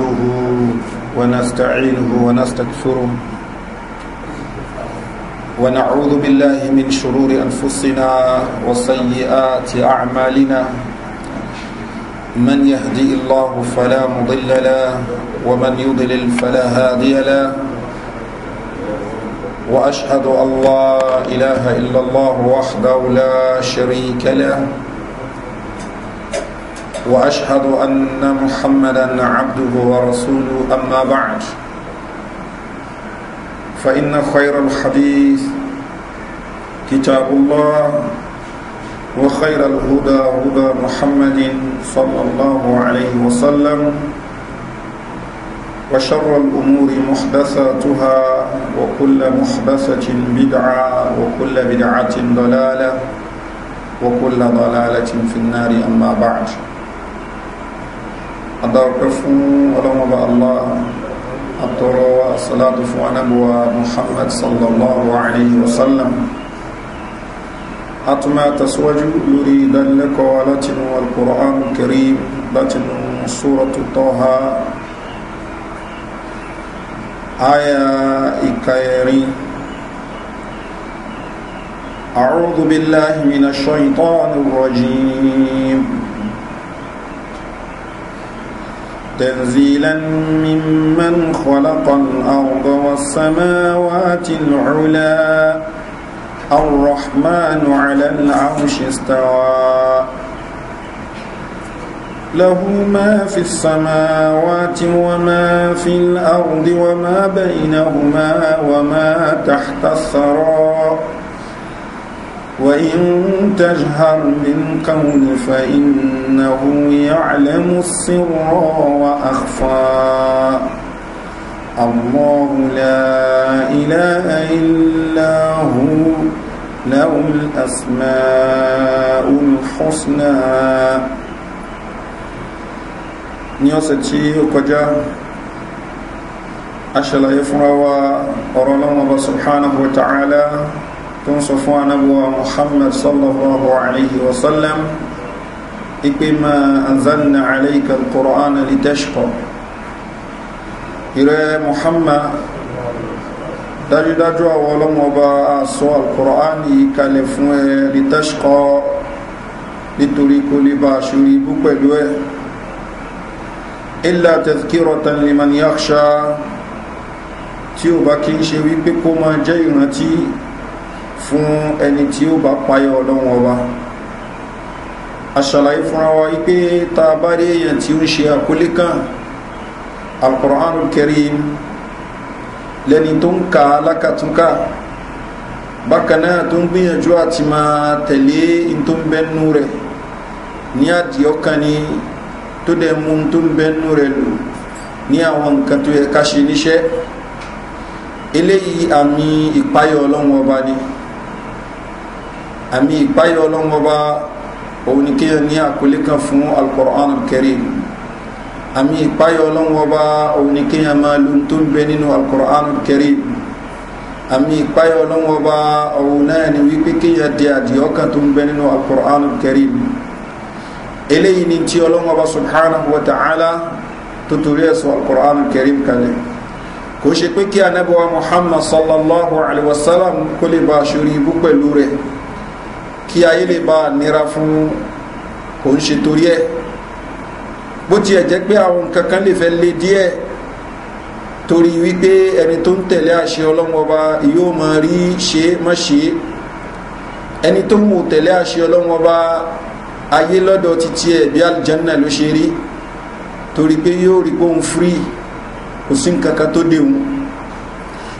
نحمده ونستعينه ونستغفره ونعوذ بالله من شرور أنفسنا وسيئات أعمالنا من يهدي الله فلا مضل له ومن يضلل فلا هادي له وأشهد أن لا إله إلا الله وحده لا شريك له وأشهد أن محمدا عبده ورسوله أما بعد فإن خير الحديث كتاب الله وخير الهدى هدى محمد صلى الله عليه وسلم وشر الأمور محدثاتها وكل محدثة بدعة وكل بدعة ضلالة وكل ضلالة في النار أما بعد adáwọ̀pẹ́ fún ọlọ́mọba allah àtọrọ asọ́látò fún anábọ̀wà muhammad sallallahu alayhi wa sallam a tún máa tẹ̀síwájú lórí ìdánilẹ́kọ̀ọ́ látinú alkùrán karim látinú sóràtú tọ́ha aya ìkayẹrin أعوذ بالله من الشيطان الرجيم تنزيلا ممن خلق الأرض والسماوات العلا الرحمن على العرش استوى له ما في السماوات وما في الأرض وما بينهما وما تحت الثرى وإن تجهر بالقول فإنه يعلم السر وأخفى الله لا إله إلا هو له الأسماء الحسنى ní ọ̀sẹ̀ tí ó kọjá الله fúnra wa ọ̀rọ̀ lọ́wọ́ tó ń sọ fún anábúwa muhammad sallallahu alayhi wa sallam ipe ma anzanna alayka alquran litashqa ìrẹ muhammad dájúdájú àwọn ọlọ́mọ ọba àsọ alquran yìí kalẹ̀ fún ẹ litashqa nítorí kó lè bá aṣorí ibú pẹ̀lú ẹ illa tazkiratan liman yakhsha tí ó bá kí ń ṣe wípé kó máa jẹ́ ìrántí fún ẹni tí ó bá payọ ọlọ́wọ́n ọba aṣàlàyé fúnra wa wípé tá a bá rí èèyàn tí ó ń ṣe àkólé kan alkùránù kẹrin lẹni tó ń ka alákàtúnkà bákan náà tó ń gbìyànjú àti máa tẹ̀lé tó ń bẹnu rẹ̀ ní àdìọ́kan ni tó dẹ̀ mú tó ń bẹnu rẹ̀ lò ní àwọn nǹkan tó yẹ ká ṣe níṣẹ́ eléyìí àmì ìpayọ̀ ọlọ́run ọba ni. Eléyìí, àmì ìpáyọ̀ ọlọ́run ọba òun ni kéèyàn ní àkọlé kan fún alukoran karim àmì ìpáyọ̀ ọlọ́run ọba òun ni kéèyàn máa lu tó ń bẹ nínú alukoran karim àmì ìpáyọ̀ ọlọ́run ọba òun náà ni wípé kéèyàn di àdìọ́kàn tó ń bẹ nínú alukoran karim eléyìí ni tí ọlọ́run ọba subhanahu wa ta'ala tó torí ẹ̀sùn alukoran karim kalẹ̀ kò ṣe pé kí muhammad sallallahu alayhi wa sallam kó lè bá aṣọ kí ayé lè bá nira fún kò ń ṣe torí ẹ̀ bó tiẹ̀ jẹ́ pé àwọn nǹkan kan lè fẹ́ lé díẹ̀ torí wípé ẹni tó ń tẹ̀lé àṣẹ ọlọ́run ọba yóò mọ rí ṣe mọ́ ṣe ẹni tó ń wò tẹ̀lé àṣẹ ọlọ́run ayé lọ́dọ̀ títí ẹ̀ bí aljanna ló ṣe rí torí pé yóò rí pé firi kò sí nǹkan kan tó déhun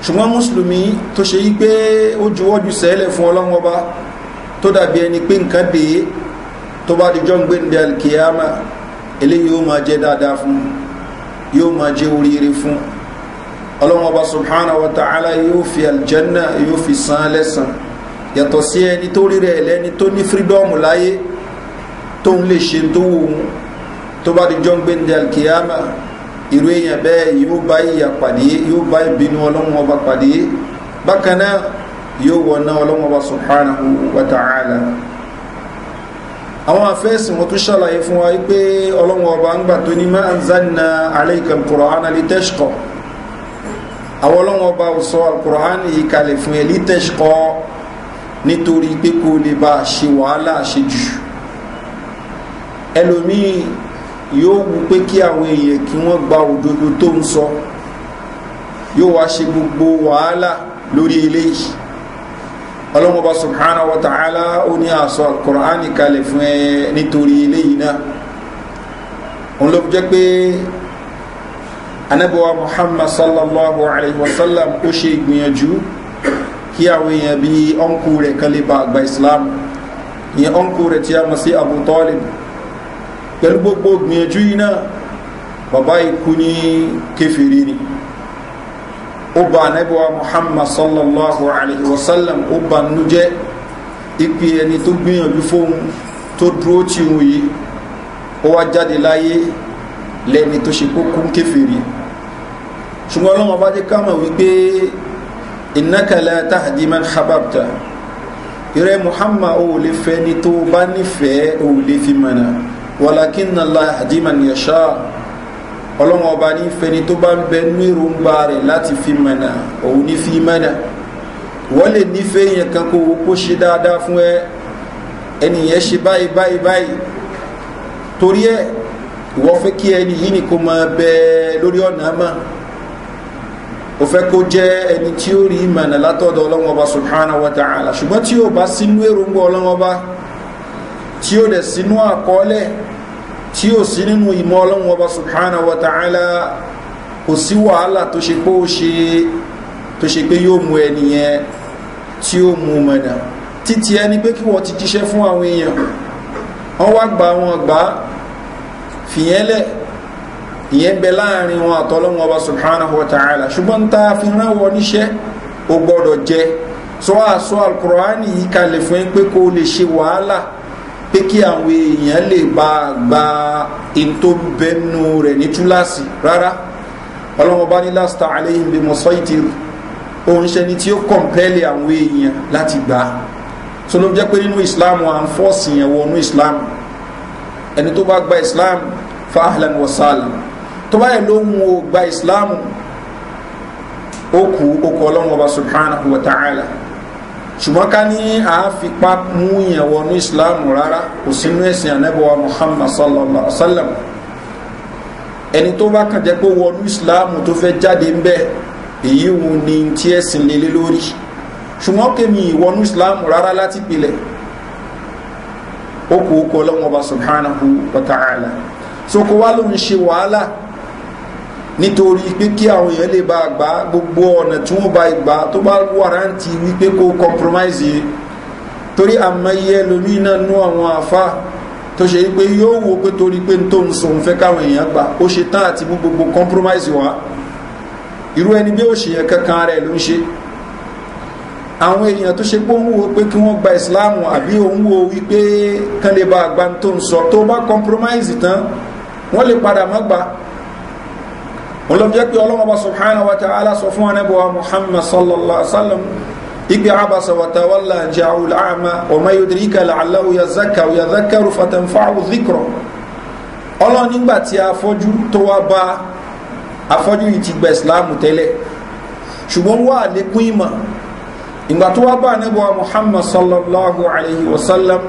ṣùgbọ́n mùsùlùmí tó ṣe yí pé ó juwọ́jú sẹ́lẹ̀ fún ọlọ́run tó dàbí ẹni pé nǹkan dè é tó bá di jọ́ǹgbé ní alkiyama eléyìí yóò máa jẹ́ dáadáa fún yóò máa jẹ́ oríire fún ọlọ́mọba subhanahu wa ta'ala yóò fi aljanna yóò fi san lẹ́sàn yàtọ̀ sí ẹni tó rí rẹ̀ lẹ́ni tó ní fírídọ́ọ̀mù láyé tó ń lè ṣe tó wù ú tó bá di jọ́ǹgbé ní alkiyama irú èèyàn bẹ́ẹ̀ yóò bá ìyà pàdé yóò bá ìbínú ọlọ́mọba pàdé bákan náà yóò wọ náà ọlọ́mọba subhanahu wa ta'ala àwọn afẹ́sìn wọn tún ṣàlàyé fún wa pé ọlọ́mọba ń gbà tó ní máa ń zanna alayka al-Qur'ana litashqa àwọn ọlọ́mọba sọ al yìí kalẹ̀ fún ẹ litashqa nítorí pé kó lè bá a ṣe wàhálà ṣe jù ẹlòmíì yóò wù pé kí àwọn èèyàn kí wọ́n gba òdodo tó ń sọ yóò wá ṣe gbogbo wàhálà lórí eléyìí ọlọ́mọba subhanahu wa ta'ala ó ní àṣọ alukur'ani kalẹ̀ fún ẹ nítorí eléyìí náà òun ló jẹ́ pé anabiwa muhammad sallallahu alayhi wa sallam ó ṣe ìgbìyànjú kí àwọn èèyàn bí ọ̀nkù rẹ̀ kan lè ba àgbà islam ìyẹn ọ̀nkù rẹ̀ tí a mọ̀ sí abu talib pẹ̀lú gbogbo ìgbìyànjú yìí náà bàbá ikú ní kẹfìrí ni. Kefiriri ó ba anabi wa muhammad sallallahu alayhi wa sallam ó ba nínú jẹ́ ipe ẹni tó gbìyànjú fóun tó dúró tì ń yìí ó wá jáde láyé lẹ́ni tó ṣe kókó ń kéfèrè ṣùgbọ́n ọlọ́wọ́n bá jẹ́ ká mọ̀ wípé ìnákàlà táhàdí man hababta ìrẹ́ muhammad ó lè fẹ́ ni tó bá nífẹ̀ẹ́ ó lè fi mọ̀nà wàlákínà láhàdí man yasha ọlọ́wọ́n ọba ní fẹni tó bá ń bẹ nú èròǹgbà rẹ̀ láti fi mọ̀nà òun ní fi mọ̀nà wọ́n lè nífẹ̀ẹ́ yẹn kan kó o kó ṣe dáadáa fún ẹ ẹnìyẹn ṣe báyìí báyìí báyìí torí ẹ ìwọ fẹ́ kí ẹni yìí ni kò máa bẹ lórí ọ̀nà mọ́ o fẹ́ kó jẹ́ ẹni tí ó rí ìmọ̀nà látọ̀dọ̀ ọlọ́wọ́n ọba subhanahu wa ta'ala ṣùgbọ́n tí yóò bá sínú èròǹgbà ọlọ́wọ́n ọba tí yóò dẹ̀ sínú àkọọ́lẹ̀ tí ó sí nínú ìmọ̀ ọlọ́run ọba subhanahu wa ta'ala kò sí wàhálà tó ṣe pé ó ṣe tó ṣe pé yóò mú ẹni yẹn tí ó mú mọ̀nà títí ẹni pé kí wọ́n ti jíṣẹ́ fún àwọn èèyàn wọ́n wá gba wọn gbà fìyẹ́lẹ̀ ìyẹn bẹ láàrin wọn àtọ́lọ́wọ́n ọba subhanahu wa ta'ala ṣùgbọ́n tá a fi rán wọn níṣẹ́ ó gbọ́dọ̀ jẹ sọ àṣọ alukur'ani yìí kalẹ̀ fún ẹ pé kó o lè ṣe wàhálà pé kí àwọn èèyàn lè bá a gba ètò bẹnu rẹ̀ ní túláàsì rárá ọlọ́wọ́n bá ní lásìtà aléyìn bí mo sọ ìtì òun ṣe ni tí ó kọ̀ǹpẹ́lì àwọn èèyàn láti gbà á tó ló jẹ́ pé nínú islam à ń fọ́ọ̀sì yẹn wọnú islam ẹni tó bá gba islam fa ahlan wa salam tó bá yẹ lóhun o gba islam ó kú ó kọ ọlọ́wọ́n ọba subhanahu wa ta'ala ṣùgbọ́n ká ní àáfipá mú yẹn wọnú islam rárá kò sínú ẹ̀sìn anábọ̀wá muhammad sallallahu alaihi wa sallam ẹni tó bá kàn jẹ́ pé wọnú islam tó fẹ́ jáde ń bẹ́ẹ̀ èyí wo ni tí ẹ̀sìn lé lórí ṣùgbọ́n kémi ìwọnú islam rárá láti pilẹ̀ ó kò subhanahu wa ta'ala so kó wá ló ń ṣe wàhálà nítorí pé kí àwọn èèyàn lè bá gbà gbogbo ọ̀nà tí wọ́n bá gbà tó bá wàrántì wípé kó compromise yìí torí àmọ́yẹ lómi náà nú àwọn àfá tó ṣe pé yóò wo pé torí pé tó ń sòun fẹ́ káwọn èèyàn gbà ó ṣe tán àti mú gbogbo compromise wá irú ẹni bí ó ṣe yẹn kankan rẹ̀ ló ń ṣe àwọn èèyàn tó ṣe pé òun wo pé kí wọ́n gba islam àbí òun wo wípé kán lè bá àgbà tó ń sọ tó bá compromise tán wọ́n lè padà mọ́ gbà olóòjẹ́ pé ọlọ́wọ́ bá subhanahu wa ta'ala sọ fún anábọ̀wá muhammad sallallahu alaihi wa sallam igbe abasa wa tawalla ja'u al'ama wa ma yudrika la'allahu yazakka wa yadhakkaru fatanfa'u dhikra ọlọ́run nígbà tí afọ́jú tó wá bá afọ́jú yìí ti gba ìsìláàmù tẹ́lẹ̀ ṣùgbọ́n wà lékún ìmọ̀ ìgbà tó wá bá anábọ̀ muhammad sallallahu alaihi wa sallam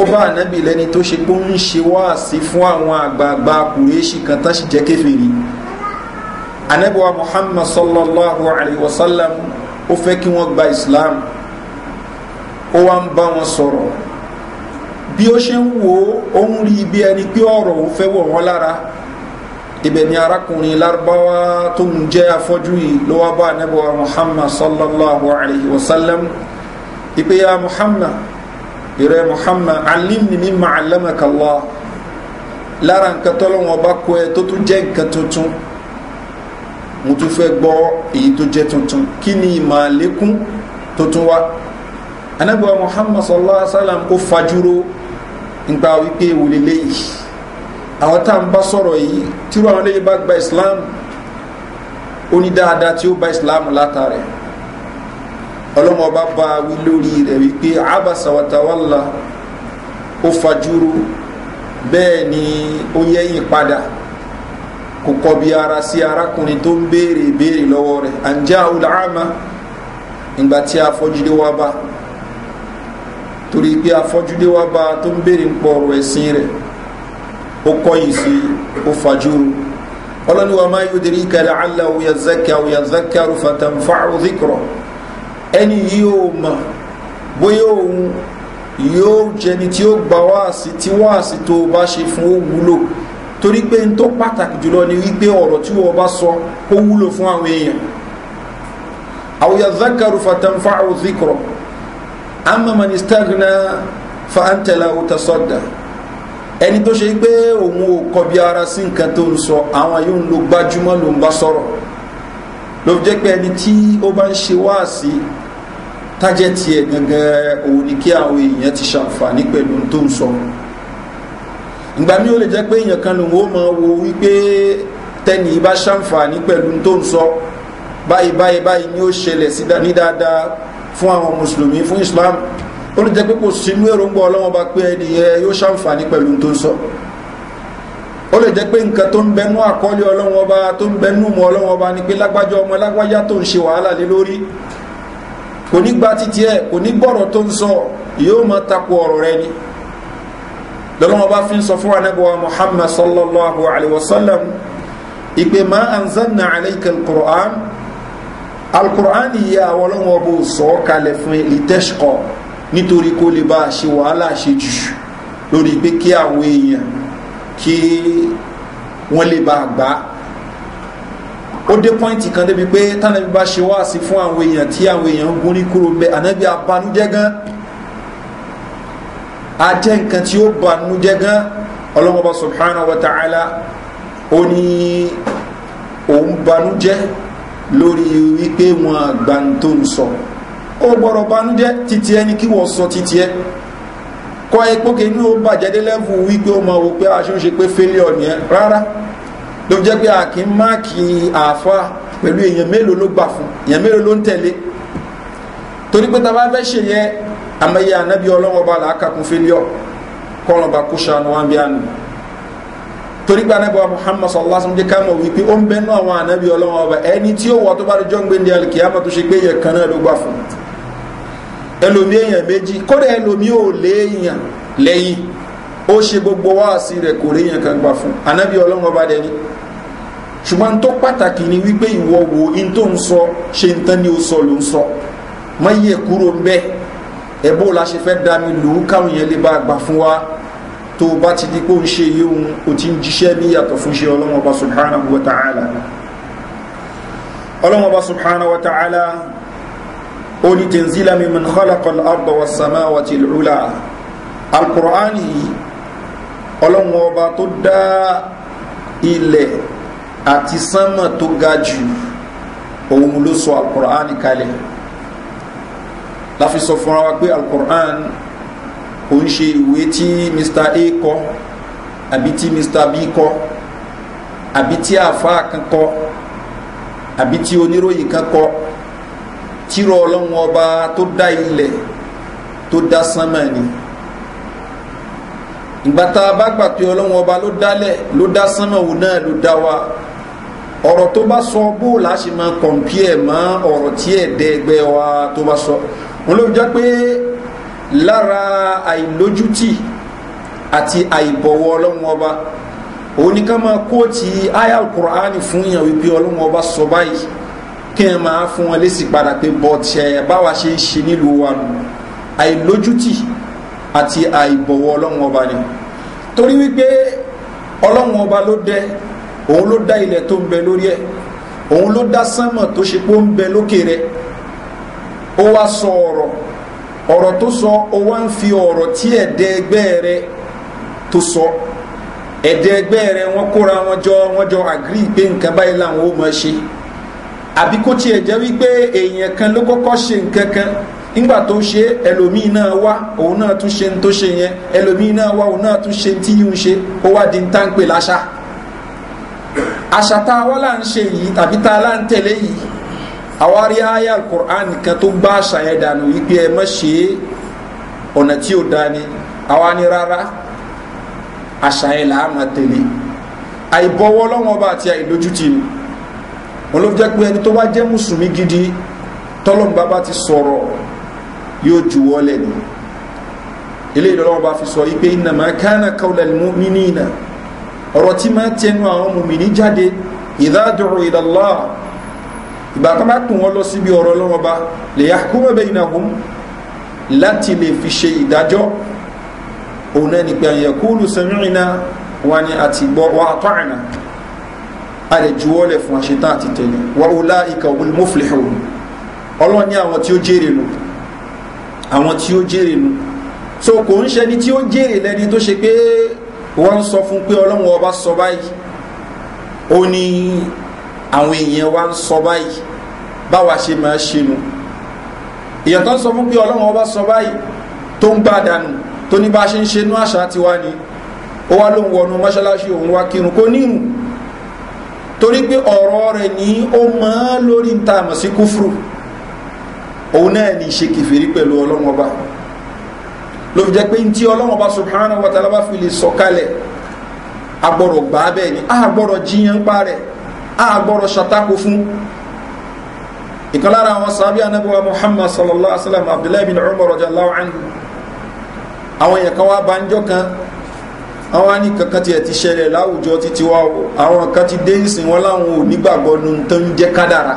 ó bá anábì lẹ́ni tó ṣe pé ń ṣe wáàsí fún àwọn àgbààgbà kùrẹ́ṣì kan tá sì jẹ́ kéfèrè anabiwa muhammad sallallahu alayhi wa sallam ó fẹ́ kí wọ́n gba islam ó wá ń bá wọn sọ̀rọ̀ bí ó ṣe ń wo òun rí ibi ẹni pé ọ̀rọ̀ òun fẹ́ wọ̀ wọ́n lára ibẹ̀ ni arákùnrin lárúbáwá tó ń jẹ́ afọ́jú yìí ló wá bá anabiwa muhammad sallallahu alayhi wa ipe ya muhammad ìrẹ́ muhammad alimni mimma alamaka allah lára nǹkan bá kọ́ ẹ tó tún jẹ́ nǹkan mo tún fẹ́ gbọ́ èyí tó jẹ́ tuntun kí ni ìmọ̀ àlékún tó tún wá muhammad sallallahu alaihi wa sallam ó fajúro nígbà wípé wòlé léyìí àwọn tá à ń bá sọ̀rọ̀ yìí tírú àwọn léyìí bá gba islam ó ní dáadáa tí ó bá islam látàrẹ̀ ọlọ́mọ bá wí lórí rẹ̀ wípé abasa watawala ó fajúro bẹ́ẹ̀ ni ó yẹ́yìn padà. kò kọbi ara sí arákùnrin tó ń béèrè ìbéèrè lọ́wọ́ rẹ̀ àǹjá olàámà ìgbà tí afọ́júdé wá bá torí pé afọ́júdé wá bá tó ń béèrè ń pọ̀ ọ̀rọ̀ ẹ̀sìn rẹ̀ ó kọ́yìn sí ó fàjúrò ọlọ́ni wa máa yóò dirí kẹlẹ̀ àlà òyà zẹ́kẹ̀ òyà zẹ́kẹ̀ fàtàǹfà òdìkọ̀rọ̀ ẹni yìí ó mọ̀ bóyá òun yóò jẹni tí ó gbà wáàsí tí wáàsí tó bá ṣe fún ó wúlò torí pé n tó pàtàkì jùlọ ni wípé ọ̀rọ̀ tí wọ́n bá sọ ó wúlò fún àwọn èèyàn àwòyà zakaru fatanfa zikro amma ni stagna, fa antala utasodda ẹni tó ṣe pé òun ò kọbi ara sí nǹkan tó ń sọ àwọn yóò ń lo gbájúmọ́ ló ń bá sọ̀rọ̀ ló jẹ́ pé ẹni tí ó bá ń ṣe wáàsí tájẹ́ tiẹ̀ gangan òun ni kí àwọn èèyàn ti ṣàǹfààní pẹ̀lú tó ń sọ ìgbà mi ò lè jẹ́ pé èèyàn kan lòun ó mọ wo wípé tẹ́nì yìí bá ṣàǹfààní pẹ̀lú tó ń sọ báyìí báyìí báyìí ni ó ṣẹlẹ̀ sí ní dáadáa fún àwọn mùsùlùmí fún islam ó lè jẹ́ pé kò sínú èròǹgbà ọlọ́wọ́n bá pé ẹni yẹ yóò ṣàǹfààní pẹ̀lú tó ń sọ ó lè jẹ́ pé nǹkan tó ń bẹnú àkọọ́lẹ̀ ọlọ́wọ́n tó ń bẹnú mọ́ ọlọ́wọ́n ni pé lágbájá ọmọ lágbájá tó ń ṣe wàhálà lé lórí kò ní gba títí ẹ kò ní gbọ́rọ̀ tó ń sọ yóò mọ tako ọ̀rọ̀ rẹ ni lọ́lọ́wọ́ bá fi ń sọ fún anábọ̀wá muhammad sallallahu alayhi wa sallam ìpè má anzanna alayka alquran alquran yìí àwọn ọlọ́wọ́ bó sọ kalẹ̀ fún litẹ́ṣkọ nítorí kó lè bá a ṣe wàhálà ṣe jù lórí pé kí àwọn èèyàn kí wọ́n lè bá a gbà ó dé pọ́ìntì kan débi pé tánàbí bá ṣe wá sí fún àwọn èèyàn tí àwọn èèyàn ń gún ní kúrò ń bẹ abanújẹ́ gan-an àjẹ́ nǹkan tí ó bà nú gan ọlọ́mọba subhanahu wa ta'ala ó ní òun banújẹ́ lórí wípé wọn gbà ń tó ń sọ ó gbọ́dọ̀ banújẹ́ títí ẹni kí wọ́n sọ títí ẹ kọ́ ipókè ní ó bàjẹ́ dé lẹ́fù wípé ó mọ̀ wò pé aṣọ ń ṣe pé failure nìyẹn rárá ló jẹ́ pé àkí máàkì àáfà pẹ̀lú èèyàn mélòó ló gbà fún èèyàn mélòó ló ń tẹ̀lé torí pé tá bá fẹ́ ṣe yẹn amẹ́yẹ anabi ọlọ́wọ́ba là la kakùn fẹ́lẹ́ ọ kọ́lọ̀ bá kó sànù anabi wa muhammad sallallahu alaihi wa sallam jẹ́ ká mọ̀ wípé ó ń bẹ́ anabi àwọn anabi ọlọ́wọ́ba ẹni tí ó wọ́ tó bá dọjọ́ gbé ní alikiyama tó ṣe pé yẹ kan náà ló gbà yɛ ẹlòmí èèyàn méjì kódà ẹlòmí ò léèyàn lẹ́yìn ó ṣe gbogbo wáàsí rẹ̀ kan anabi ọlọ́wọ́ba dẹni ṣùgbọ́n tó pàtàkì ni wípé ìwọ wo ń sọ ṣe ń tán sọ ló ń sọ yẹ ẹ̀bó la ṣe fẹ́ dá mi lù ú káwọn yẹn lè bá gbà fún wa tó o bá ti di pé o ń ṣe iye òun o ti ń jíṣẹ́ ní yàtọ̀ fún ṣe ọlọ́mọba subhanahu wa ta'ala ọlọ́mọba subhanahu wa ta'ala ó ní tẹ̀nzílà mi mìn kọ́lákọ́l àbọ̀ wa sàmà wa ti lùlá alukur'an yìí ọlọ́mọba tó dá ilẹ̀ àti sánmà tó ga jù òun ló sọ alukur'an kalẹ̀ láfi sọ fúnra wa pé alukur'an kò ń ṣe ìwé tí mr a kọ àbí tí mr b kọ àbí tí àáfàá kan kọ àbí tí oníròyìn kan kọ tírọ ọlọ́run ọba tó dá ilẹ̀ tó dá sánmà ni ìgbà tá a bá gbà pé ọlọ́run ọba ló dálẹ̀ ló dá sánmà òun náà ló dá wa ọ̀rọ̀ tó bá sọ bó la ṣe máa kọ̀m̀pìẹ̀ mọ́ ọ̀rọ̀ tí ẹ̀ẹ́dẹ́gbẹ́ wa tó bá sọ. So wọn ló jẹ́ pé lára àìlójútì àti àìbọ̀wọ̀ ọlọ́run ọba òun ní ká máa kóòtì aya alukur'ani fún yàn wípé ọlọ́run ọba sọ báyìí kí ẹ máa fún wọn lésì padà pé bọ́ọ̀tì báwa ṣe ń ṣe nílùú wa nù àìlójútì àti àìbọ̀wọ̀ ọlọ́run ọba ni torí wípé ọlọ́run ọba ló dẹ òun ló dá ilẹ̀ tó ń bẹ lórí ẹ̀ òun ló dá sánmọ̀ tó ṣe pé ó ń bẹ lókè rẹ̀ ó wá ọrọ tó sọ ọwa ń fi ọrọ tí ẹ̀dẹ́ rẹ tó sọ ẹ̀dẹ́ ẹgbẹ́ rẹ kóra wọn jọ wọn jọ àgírí pé nǹkan báyìí làwọn ó mọ̀ ṣe àbí kó tiẹ̀ jẹ́ wípé èèyàn kan ló kọ́kọ́ ṣe nǹkan kan nígbà tó ṣe náà wá òun náà tún ṣe tó ṣe yẹn náà wá òun náà tún ṣe tí yìí ń ṣe ó wá di tá ń pè láṣà àṣà tá a wá là àwárí ayé alukur'an kan tó gbá àṣà yẹn dànù wípé ẹ má ṣe ọ̀nà tí ò dání àwa ni rárá àṣà yẹn là á máa tẹ̀lé àìbọ̀wọ̀ lọ́wọ́ bá àti àìlójútì ni wọn ló jẹ́ pé gidi tọ́lọ́mùbá bá ti sọ̀rọ̀ yóò juwọ́ lẹ́nu ilé ìdọ́lọ́wọ́ bá fi sọ ipe ìnàmà kánà kọ́lẹ̀ mímí ìnà ọ̀rọ̀ tí máa tẹnu àwọn mùmí ní jáde ìdádùrù ìgbà kan bá tún wọn lọ síbi ọ̀rọ̀ lọ́wọ́ bá lè yá kó mẹ́bẹ̀ iná hùm láti lè fi ṣe ìdájọ́ òun náà nígbà yẹn kúlù sẹ́mìnà wọn ni àti gbọ́ wọn àtọ́ àná a lè juwọ́ lẹ̀ fún àṣetán àti tẹ̀lé wọn ò lá ikà òun mọ́fìlẹ̀ òun ọlọ́run ní àwọn tí ó jèrè nù àwọn tí ó jèrè nù so kò ń ṣẹni tí ó jèrè lẹni tó ṣe pé wọ́n sọ fún pé ọlọ́run ọba sọ báyìí ó ní àwọn èèyàn wa ń sọ báyìí báwa ṣe máa ṣe nu èèyàn tó ń sọ fún pé ọlọ́run ọba sọ báyìí tó ń gbá dànù tó ní bá ṣe ń ṣe inú àṣà tiwa ni ó wá lóun wọnú mọ́ṣáláṣí òun wá kírun kó nírun torí pé ọ̀rọ̀ rẹ̀ ní ó mọ́ lórí ta àmọ̀ sí kúfrù òun náà ní ṣe kìfìrí pẹ̀lú ọlọ́run ọba ló fi jẹ́ pé ntí ọlọ́run ọba subhanahu wa ta'ala bá fi lè sọ kalẹ̀ agbọ́rọ̀ gbà bẹ́ẹ̀ ni a gbọ́rọ̀ jiyàn pa rẹ̀ àgbọ̀rọ̀ ṣàtakò fún ìkan lára àwọn sàábí anábíwá muhammad sallallahu alaihi wasallam abdullahi bin umar rajallahu anhu àwọn èèyàn kan wá bá ń jọ kan àwọn á ní kankan tiẹ̀ ti ṣẹlẹ̀ láwùjọ títí wá o àwọn kan ti dé ìsìn wọn láwọn ò nígbàgbọ́ nu tó ń jẹ́ kádàrà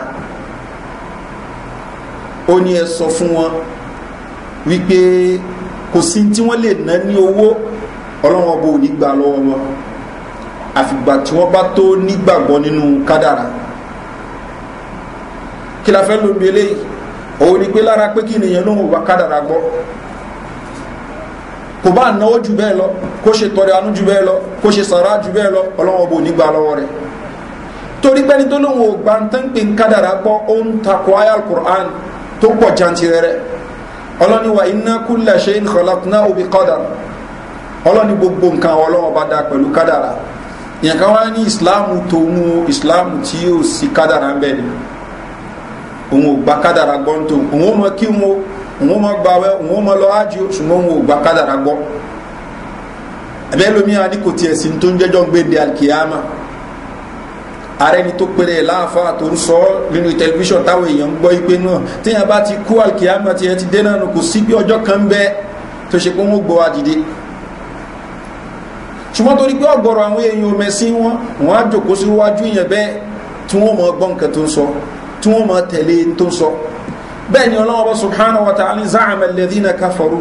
ó ní ẹ sọ fún wọn wípé kò sí tí wọ́n lè ná ní owó ọlọ́wọ́n bò ní gbà lọ́wọ́ wọn àfìgbà tí wọ́n bá tó nígbàgbọ́ nínú kádàrà kí la fẹ́ lóbi eléyìí òun ni pé lára pé kí nìyẹn lóhùn wà kádàrà gbọ́ kò bá náwó jù bẹ́ẹ̀ lọ kó ṣe tọrẹ anú jù bẹ́ẹ̀ lọ kó ṣe sàrá jù bẹ́ẹ̀ lọ ọlọ́wọ́n bò nígbà lọ́wọ́ rẹ̀ torí pé ní tó lóhùn ògbà ń tán pé ń kádàrà gbọ́ ó ń takò ayé alukur'an tó pọ̀ jantirẹ rẹ̀ ọlọ́ni wa iná kúlẹ̀ ṣe ń kọ̀lákùnà òbí kádàrà ọlọ́ni gbogbo nǹkan ọlọ́wọ́ bá dá pẹ̀lú kádàrà ìyẹn kan wá ní ìsìláàmù tòun ìsìláàmù tí yóò sí kádàrà ń bẹ̀ ni òun ò gba kádàrà gbọ́ ń tòun òun ò mọ kí wọn òun ò mọ gbàwẹ̀ òun ò mọ lọ ájú ṣùgbọ́n òun ò gba kádàrà gbọ́ ẹ̀bẹ́ lómi àní kò tiẹ̀ sí tó ń jẹ́jọ́ gbéde alkiyama ààrẹ ni tó péré láàfáà tó ń sọ nínú tẹlifíṣàn táwọn èèyàn ń gbọ́ ipe náà téèyàn bá ti kú alkiyama tiẹ̀ ti dé náà kò sí ọjọ́ kan bẹ́ẹ̀ tó ṣe pé wọ́n gbọ́ adìde ṣùgbọ́n torí pé ọ̀gọ̀rọ̀ àwọn èèyàn mẹ́sí wọn wọ́n á jòkó síwájú ìyẹn bẹ́ẹ̀ tí wọ́n mọ̀ gbọ́n nǹkan tó ń sọ tí wọ́n mọ̀ tẹ̀lé tó ń sọ bẹ́ẹ̀ ni ọlọ́wọ́ subhanahu wa ta'ala za'ama alladhina kafaru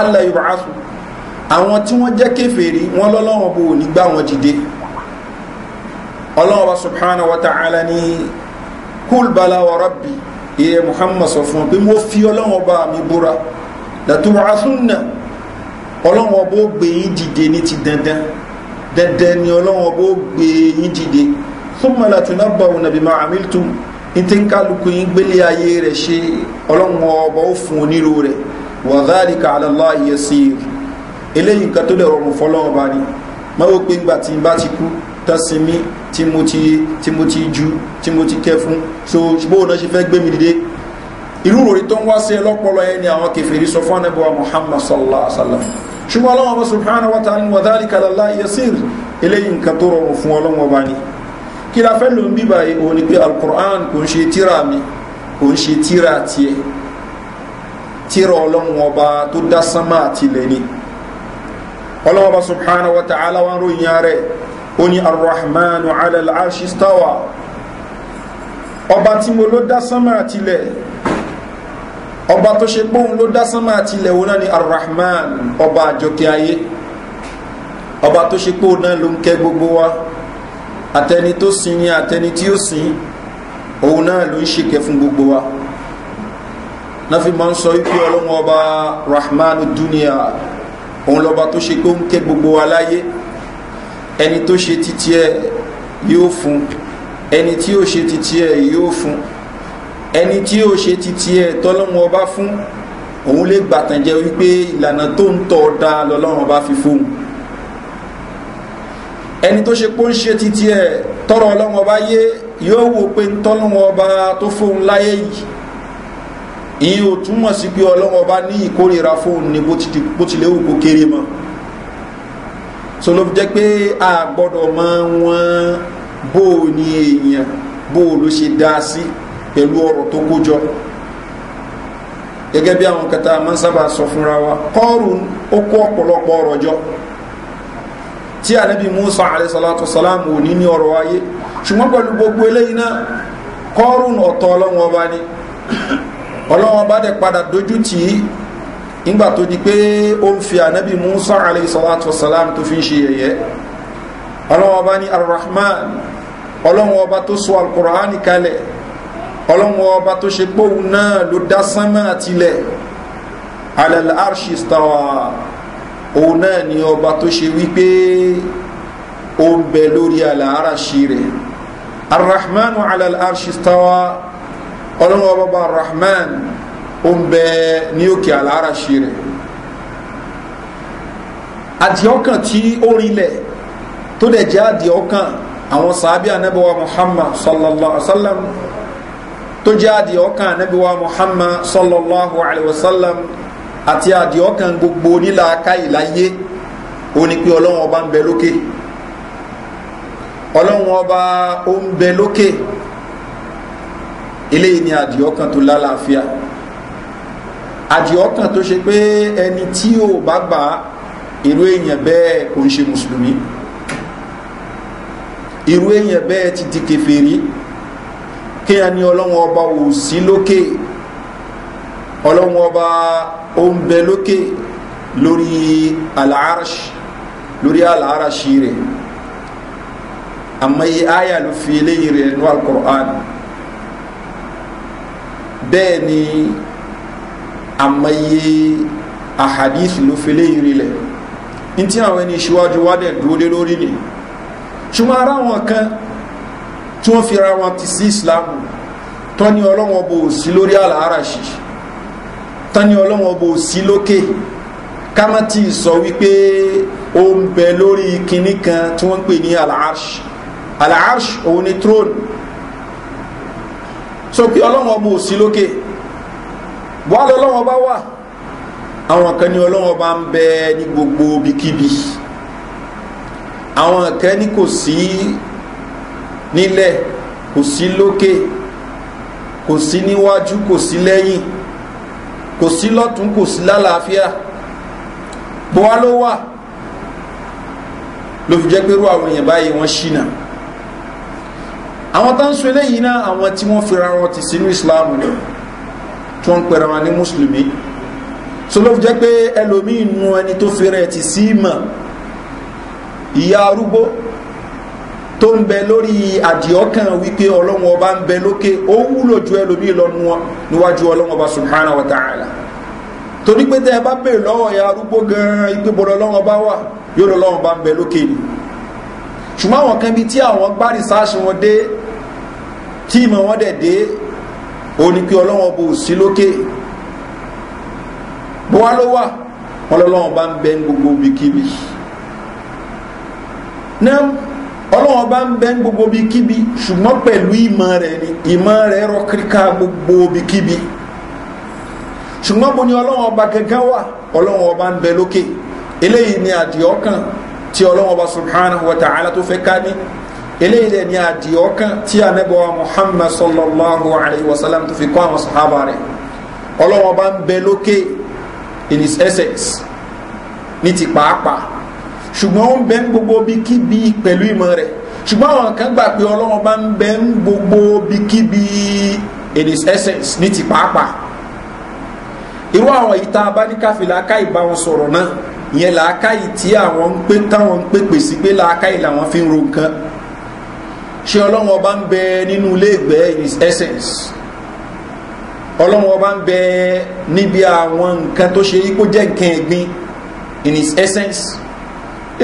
alla yub'athu àwọn tí wọ́n jẹ́ kèfèrí wọn lọ́lọ́wọ́ bò ní gbá wọn dìde ọlọ́wọ́ subhanahu wa ta'ala ni kul bala wa rabbi iye muhammad sọ fún mi pé mo fi ọlọ́wọ́ bá mi búra latubasunna ọlọ́wọ́n bó gbé yín dìde ní ti dandan dandan ni ọlọ́wọ́n bó gbé yín dìde thumma latunabbauna bima amiltum ntí ń kálukú yín gbélé ayé rẹ̀ ṣe ọlọ́wọ́n ọba fún onírò rẹ̀ wa dhalika ala Allahi yasir eléyìí nǹkan tó lè rọrùn fọlọ́wọ́n bá ní máa wọ́n pé ńgbà tí n bá ti kú tásìmí tí mo ti ju tí mo ti kẹ fún so bóun náà ṣe fẹ́ gbé mi dìde irú ròrí tó ń wá sí ẹlọ́pọlọ ẹni àwọn kẹfìrí sọ fún anábọ̀ muhammad sallallahu alaihi wa sallam ṣùgbọ́n ọlọ́wọ́n bá subhanahu wa ta'ala wa dhalika lillahi yasir eléyìí nǹkan tó rọrùn fún ọlọ́wọ́n bá ní kí la fẹ́ ló ń bíbà yìí òun ni pé alukur'an kò ń ṣe tíra mi kò ń ṣe tíra tiẹ̀ tíra ọlọ́wọ́n ọba tó dá sánmà àtìlẹ̀ ni ọlọ́wọ́n bá subhanahu wa ta'ala ọba tó ṣe pọ́n ló dá sánmà àti ilẹ̀ wo náà ni arrahman ọba àjọkẹ́ ayé ọba tó ṣe pọ́n náà ló ń kẹ́ gbogbo wa àtẹni tó sin ni àtẹni tí ó sin òun náà ló ń ṣe kẹ́ fún gbogbo wa nafi máa ń sọ wípé ọlọ́run ọba rahman dunia òun lọ́ba tó ṣe pé ó ń kẹ́ gbogbo wa láyé ẹni tó ṣe titi ẹ yóò fún ẹni tí ó ṣe titi ẹ yóò fún ẹni tí ó ṣe titi ẹ̀ tọ́lọ́wọ́n ọba fún òun lè gbàtànjẹ wípé ìlànà tó ń tọ́ da lọ́lọ́wọ́n ọba fi fóun ẹni tó ṣe pé ń ṣe titi ẹ̀ tọ́rọ ọlọ́wọ́n ọba yé yóò wò pé ń tọ́lọ́wọ́n ọba tó fóun láyé yìí ìyẹn ò túmọ̀ sí pé ọlọ́wọ́n ọba ní ìkórira fóun ni bó tilẹ̀ wù kó kéré mọ́ so ló fi jẹ́ pé a gbọ́dọ̀ mọ wọn bó o ní èèyàn bó o ló ṣe dá sí. Si pẹ̀lú ọ̀rọ̀ tó kójọ gẹ́gẹ́ bí àwọn kẹta máa sọ fúnra wa kọ́ọ̀rù ó kó ọ̀pọ̀lọpọ̀ ọ̀rọ̀ jọ tí ànábì musa alayhisalatu salam ò ní ní ọ̀rọ̀ ayé ṣùgbọ́n pẹ̀lú gbogbo eléyìí náà kọ́ọ̀rù ọ̀tọ̀ ọlọ́run ọba ni ọlọ́run ọba dẹ̀ padà dojú tì í nígbà tó di pé ó ń fi ànábì musa alayhisalatu salam tó fi ń ṣe yẹ̀yẹ́ ọlọ́run ọba ni arrahman ọlọ́run ọba tó so alukuraani kalẹ̀ ọlọ́run ọba tó ṣe póun náà ló dá sánmà àtilẹ̀ alẹ́lẹ́ arṣi stawa òun náà ni ọba tó ṣe wípé ó ń bẹ lórí alàáràṣí rẹ̀ arrahman alẹ́lẹ́ arṣi stawa ọlọ́run ọba bá arrahman ó ń bẹ ní òkè alàáràṣí rẹ̀ àdìọ́kàn tí ó rinlẹ̀ tó dẹ̀ jẹ́ àdìọ́kàn àwọn sàábíà nẹ́bọ̀wá muhammad sallallahu alaihi wa sallam tó jẹ́ àdìọ́kàn anábíwá muhammad sallallahu alayhi wa sallam àti àdìọ́kàn gbogbo onílàáká ìláyé ó ní pé ọlọ́run ọba ń bẹ lókè ọlọ́run ọba ó ń bẹ lókè eléyìí ni àdìọ́kàn tó lálàáfíà àdìọ́kàn tó ṣe pé ẹni tí ò bá gbà irú èèyàn bẹ́ẹ̀ kò ń ṣe mùsùlùmí irú èèyàn bẹ́ẹ̀ ti di kẹfẹ́rí kí a ní ọlọ́wọ́n ọba ò sí lókè ọlọ́wọ́n ọba ó ń bẹ lókè lórí àlàáràṣì lórí àlàáràṣì rẹ̀ àmọ́ yìí àyà ló fi eléyìí rẹ̀ nínú alukur'an bẹ́ẹ̀ ni àmọ́ yìí àhàdíìsì ló fi eléyìí rí lẹ̀ ní àwọn ẹni ìṣíwájú wádẹ̀ dúró lé lórí ni ṣùgbọ́n ara wọn kan tí wọ́n fi ra wọn ti sí islam tọ́ni ọlọ́wọ́n bò sí lórí àlàáràṣì tọ́ni ọlọ́wọ́n bò sí lókè kámátì sọ wípé ó ń bẹ lórí kinní kan tí wọ́n ń pè ní àlàáràṣì àlàáràṣì òun ni tróònù sọ pé ọlọ́wọ́n bò sí lókè wàá lọ́wọ́n bá wà àwọn kan ní ọlọ́wọ́n bá ń bẹ ní gbogbo bikíbi àwọn kan ní kò sí. Si, nílẹ̀ kò sí lókè kò sí níwájú kò sí lẹ́yìn kò sí lọ́tún kò sí lálàáfíà bọ́wá ló wà ló fi jẹ́ pé irú àwọn èèyàn báyìí wọ́n ṣìnà àwọn tó ń sọ eléyìí náà àwọn tí wọ́n fira wọn ti sínú ìsìláàmù lọ tí wọ́n ń pẹ̀rẹ̀ wọn ní mùsùlùmí so ló fi jẹ́ pé ẹlòmíì nu ẹni tó fira ẹ̀ ti sí ìmọ̀ ìyá arúgbó tó ń bẹ lórí àdìọ́kàn wípé ọlọ́wọ́n ọba ń bẹ lókè ó wúlò ju ẹlòmíì lọ́nu wọn níwájú ọlọ́wọ́n ọba subhanahu wa ta'ala torí pé tẹ́ ẹ bá bèrè lọ́wọ́ ya arúgbó gan-an ìgbé bọ́dọ̀ ọlọ́wọ́n bá wà yóò lọ lọ́wọ́n bá ń bẹ lókè ni ṣùgbọ́n àwọn kan bí tí àwọn gbá rìsáàṣì wọn dé tí ìmọ̀ wọn dẹ̀ dé ó ní pé ọlọ́wọ́n bò sí lókè bó ló wà wọn bá ń bẹ gbogbo bikíbi náà ọlọ́wọ́n bá ń bẹ́ ń gbogbo bí kíbi ṣùgbọ́n pẹ̀lú ìmọ̀ rẹ̀ ni ìmọ̀ rẹ̀ rọ kíríkà gbogbo bí kíbi ṣùgbọ́n bo ni ọlọ́wọ́n ọba gẹ́gẹ́ wà ọlọ́wọ́n ọba ń bẹ lókè eléyìí ni àdìọ́kàn tí ọlọ́wọ́n ọba subhanahu wa ta'ala tó fẹ́ ká ní eléyìí dẹ̀ ni àdìọ́kàn tí anábọ̀wá muhammad sallallahu alayhi wa sallam tó fi kọ́ àwọn sahaba rẹ̀ ọlọ́wọ́n ọba ń bẹ lókè in his essence ní ti pàápàá ṣùgbọ́n ó ń bẹ ń gbogbo bíkíbi pẹ̀lú ìmọ̀ rẹ̀ ṣùgbọ́n àwọn kan gbà pé ọlọ́run bá ń bẹ ń gbogbo bíkíbi in his essence ní ti pàápàá irú àwọn ìta abáníkàfẹ́ làákàyè bá wọn sọ̀rọ̀ náà ìyẹn làákàyè tí àwọn ń pé táwọn ń pèpè sí pé làákàyè làwọn fi ń ro nǹkan ṣé ọlọ́run ọba ń bẹ nínú ilé in his essence ọlọ́run ọba ń bẹ níbi àwọn nǹkan tó ṣe kó jẹ́ nǹkan ẹ̀gbin in his essence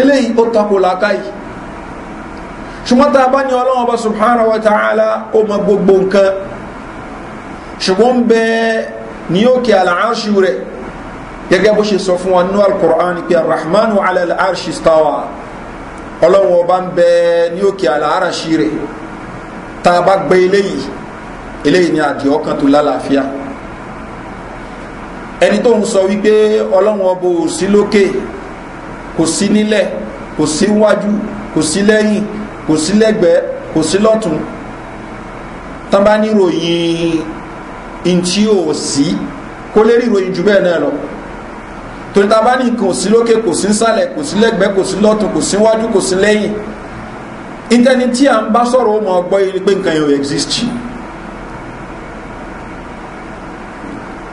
eléyìí ó tako làákàyè ṣùgbọ́n tá a bá ní ọlọ́run ọba subhanahu wa ta'ala ó mọ gbogbo nǹkan ṣùgbọ́n ń bẹ ní òkè àlàáṣì rẹ̀ gẹ́gẹ́ bó ṣe sọ fún wa nínú alukur'an pé arahman wa alal arshi stawa ọlọ́run ọba ń bẹ ní òkè àlàáṣì rẹ̀ tá a bá gbé eléyìí eléyìí ni àdì ọkàn tó lálàáfíà ẹni tó ń sọ wípé ọlọ́run ọba ò sí lókè kò sí nílẹ̀ kò sí wájú kò sí lẹ́yìn kò sí lẹ́gbẹ̀ẹ́ kò sí lọ́tún tán bá ní ròyìn in tí ò sí kó lè rí ròyìn jù bẹ́ẹ̀ náà lọ torí tá a bá ní nǹkan ò sí lókè kò sí nsàlẹ̀ kò sí lẹ́gbẹ̀ẹ́ kò sí lọ́tún kò sí wájú kò sí lẹ́yìn ìtẹni tí a ń bá sọ̀rọ̀ ó mọ̀ ọgbọ́ yìí ni pé nǹkan yóò exist yìí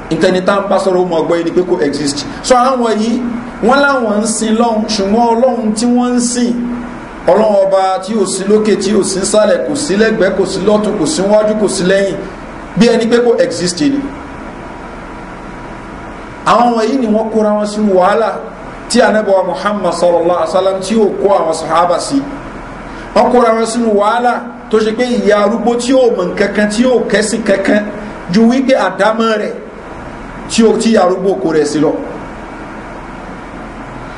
ìtẹni tá ń bá sọ̀rọ̀ ó mọ̀ ọgbọ́ yìí ni pé kò exist so àwọn yìí wọ́n láwọn ń sin lọ́hùn ṣùgbọ́n ọlọ́hun tí wọ́n ń sìn ọlọ́hun ọba tí ò sí lókè tí o sí sálẹ̀ kò sí lẹ́gbẹ̀ẹ́ kò sí lọ́tún kò sí wájú kò sí lẹ́yìn bí ẹni pé kò exist ni àwọn wọ̀nyí ni wọ́n kóra wọn sínú wàhálà tí anábọ̀ muhammad sallallahu alaihi wasallam tí o kó àwọn sahaba sí wọ́n kóra wọn sínú wàhálà tó ṣe pé ìyá arúgbó tí ó mọ̀ nǹkankan tí ó kẹ́sìn kankan ju wípé àdámọ́ rẹ̀ tí ó tí arúgbó kó rẹ̀ sí lọ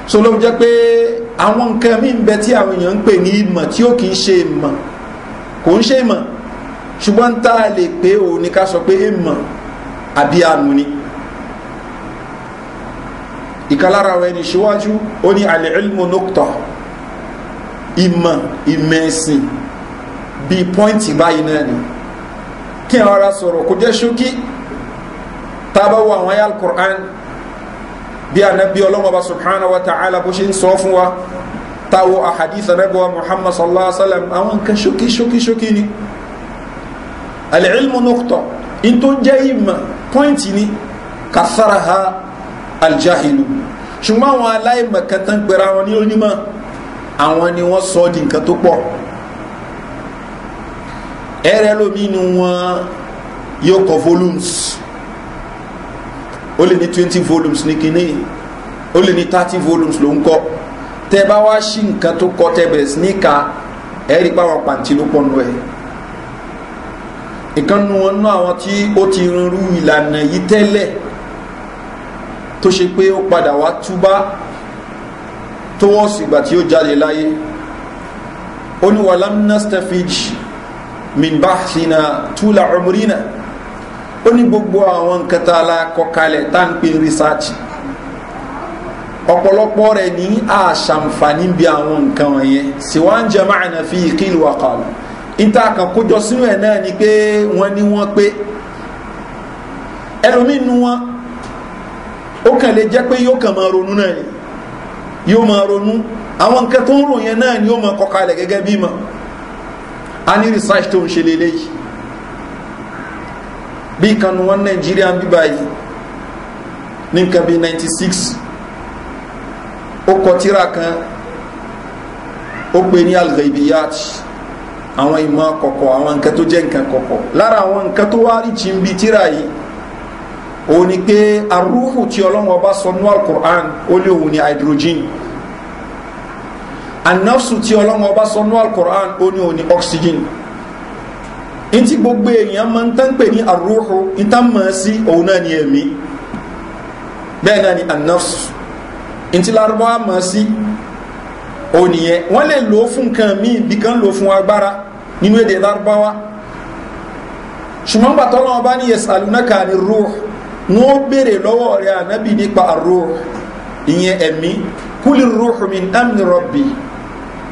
so ló jẹ́ pé àwọn nǹkan mí ń bẹ tí àwọn èèyàn ń pè ní ìmọ̀ tí ó kì í ṣe ìmọ̀ kò ń ṣe ìmọ̀ ṣùgbọ́n tá a lè pé òun ni ká sọ pé ìmọ̀ àbí àánú ni ìkàlára rẹ̀ ní ṣíwájú ó ní àlẹ́ ìlmù nọ́kùtọ̀ ìmọ̀ ìmẹ̀sìn bíi pọ́ìntì báyìí náà ni kí àwọn ara sọ̀rọ̀ kó jẹ́ ṣókí tábà wo àwọn ayé alukur'an bí anabi ọlọ́wọ́ bá subhanahu wa ta'ala bó ṣe ń sọ fún wa táwo ahadith anabi wa muhammad sallallahu alayhi wa sallam àwọn nǹkan ṣókí ṣókí ṣókí ni alilmu nukutọ in tó jẹ́ ìmọ̀ pọ́ìntì ni kasara ha aljahilu ṣùgbọ́n àwọn aláìmọ̀ kan tán pera wọn ní ni wọ́n sọ di nǹkan tó pọ̀ ẹ̀rẹ́ lómi nu wọn yóò volumes ó lè ní twenty volumes ní kinní ó lè ní thirty volumes ló ń kọ́ tẹ́ bá wá sí nǹkan tó kọ́ tẹ́ bẹ̀rẹ̀ sí ní ka ẹ̀ rí pàwọn pàǹtí ló pọ̀ nù ẹ̀ nǹkan nu wọn náà àwọn tí ó ti rinru ìlànà yìí tẹ́lẹ̀ tó ṣe pé ó padà wá túbá tó wọ́n sì tí ó jáde láyé ó ní wàlámínà stefij min bá sínà túlà ọmọrínà ó ní gbogbo àwọn nǹkan tá a la kọ kalẹ̀ tá à ń pè research ọ̀pọ̀lọpọ̀ rẹ̀ ní àṣàǹfààní bí àwọn nǹkan wọ̀nyẹn siwan jama'na fi qil wa qal níta kan kójọ sínú ẹ̀ náà ni pé wọ́n ní wọ́n pé ẹlòmíín nu wọn ó kàn lè jẹ́ pé yóò kàn máa ronú náà ni yóò máa ronú àwọn nǹkan tó ń ròyìn náà ni yóò máa kọ kalẹ̀ gẹ́gẹ́ bí mọ̀ a ní research tó ń ṣe lélẹ́yìí bí kanu wọn nàìjíríà ń bíbá yìí ní nǹkan bíi ninety six ó kọ tíra kan ó pè ní alghaibiyat àwọn ìmọ̀ kọ̀kọ̀ àwọn nǹkan tó jẹ́ nǹkan kọ̀kọ̀ lára àwọn nǹkan tó wá rí jì ń bi tíra yìí òun ni pé arúhù tí ọlọ́run ọba sọ nú alukur'an ó lé òun ni hydrogen anafsu tí ọlọ́run ọba sọ nú alukur'an ó ní òun ni oxygen ntí gbogbo èèyàn máa ń tán pè ní àrùhù ntá máa òun náà ni ẹ̀mí bẹ́ẹ̀ náà ni anafsu ntí lárúbáwá máa sí òun nìyẹn wọ́n lè lò ó fún nǹkan míì bí kan lò fún agbára nínú èdè lárúbáwá ṣùgbọ́n gbàtọ́ lọ́wọ́ bá ní yẹsẹ̀ alunaka ni ruh ní béèrè lọ́wọ́ rẹ̀ ànábì nípa ruh ìyẹn ẹ̀mí kúlì ruh min amni rabbi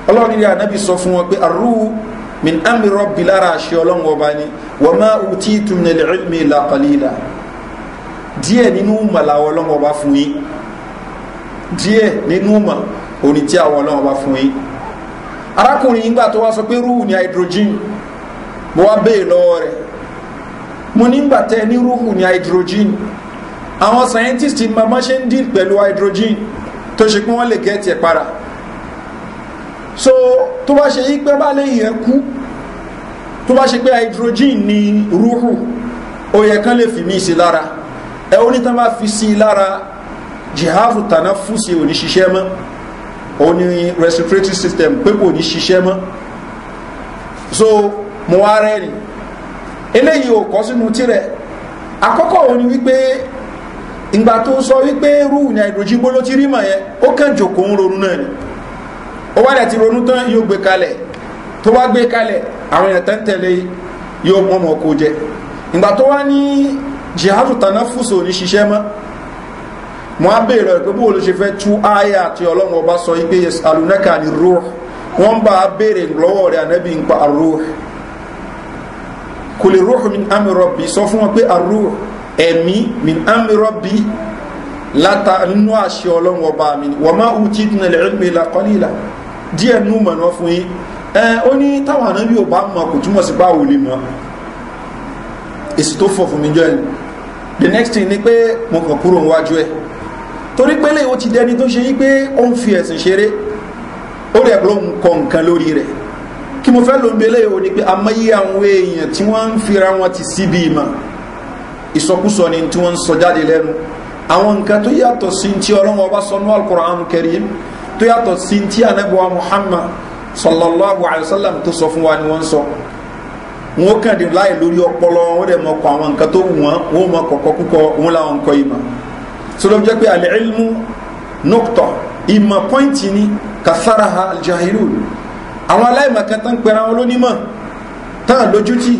ọlọ́run ní ànábì sọ fún wọn pé ruh min amri rabbi lára àṣẹ ọlọ́run ọba ni wọ́n máa wù tí ìtumọ̀ lè rí mi ìlà kọ́lílà díẹ̀ nínú mọ̀lá ọlọ́run ọba fún yín díẹ̀ nínú mọ̀ òní tí àwọn ọlọ́run ọba fún yín arákùnrin yìí gbà tó wá sọ pé rúù ní hydrogen mo wá bẹ́ẹ̀ lọ́wọ́ rẹ̀ mo nígbà tẹ́ ní rúù ní hydrogen àwọn scientist ma ma ṣe ń deal pẹ̀lú hydrogen tó ṣe pé wọ́n lè gẹ́ẹ̀tì ẹ̀ para so tó bá ṣe yí pé bá lẹ́yìn ẹ kú tó bá ṣe pé hydrogen ní rúhù ó yẹ kán lè fi mí sí lára ẹ ó ní tán bá fi sí lára jihafu tana fúsi ò ní ṣiṣẹ́ mọ́ ó respiratory system pé kò ní ṣiṣẹ́ mọ́ so mo wá rẹ́rìn eléyìí ò kọ́ sínú tirẹ̀ àkọ́kọ́ òun ni wípé ìgbà tó sọ wípé rúhù ní hydrogen bó ló ti rí mọ̀ yẹn ó kàn jòkó ń ronú náà ni ó wá dẹ̀ ti ronú tán yóò gbé kalẹ̀ tó wá gbé kalẹ̀ àwọn èèyàn tán tẹ̀lé yóò mọ̀ mọ̀ kó jẹ ìgbà tó wá ní jihadu tanafuso ní ṣiṣẹ́ mọ́ mo á béèrè pé bó ló ṣe fẹ́ tú àyà àti ọlọ́run ọba sọ yí pé alunaka ni ruh wọ́n bá a béèrè lọ́wọ́ rẹ̀ ànábì ń pa ruh kò lè ruh min amri rabbi sọ fún wọn pé ruh ẹ̀mí min amri rabbi látà nínú àṣẹ ọlọ́run ọba mi wọ́n máa ń tí tún ẹ̀lẹ́rìí mi là kọ́lí ìlà díẹ̀ nú mọ̀nà fún yín ẹ ó ní táwọn ànábì ò bá mọ̀ kò túmọ̀ sí báwo lè mọ̀ èsì tó fọ̀ fún mi jọ ẹ̀ the next thing ni pé mo kàn kúrò níwájú ẹ̀ torí pé léyìn ó ti dẹni tó ṣe yí pé ó ń fi ẹ̀sìn ṣeré ó rẹ̀ ló ń kọ nǹkan lórí rẹ̀ kí mo fẹ́ ló ń belé o ni pé amáyé àwọn èèyàn tí wọ́n ń fira wọn ti síbi ìmọ̀ ìsọkúsọ ni tí wọ́n ń sọ jáde lẹ́nu àwọn nǹkan tó yàtọ̀ sí ti ọlọ́wọ́n ọba sọnú alukoran kẹrin tó yàtọ̀ sí tí anábọ̀wá muhammad sallallahu alayhi wa sallam tó sọ fún wa ni wọ́n sọ wọn kàn dé láì lórí ọpọlọ wọn dẹ̀ mọ kọ àwọn nǹkan tó wù wọn wọn mọ kọ̀kọ́ kúkọ wọn làwọn kọ ìmọ̀ sọlọ jẹ́ pé àlẹ́ ilmu nọ́kítọ̀ ìmọ̀ pọ́ìntì ni kàsára ha aljahiru àwọn aláìmọ̀ kan tán pẹ̀rẹ̀ àwọn olónímọ̀ tán lójútì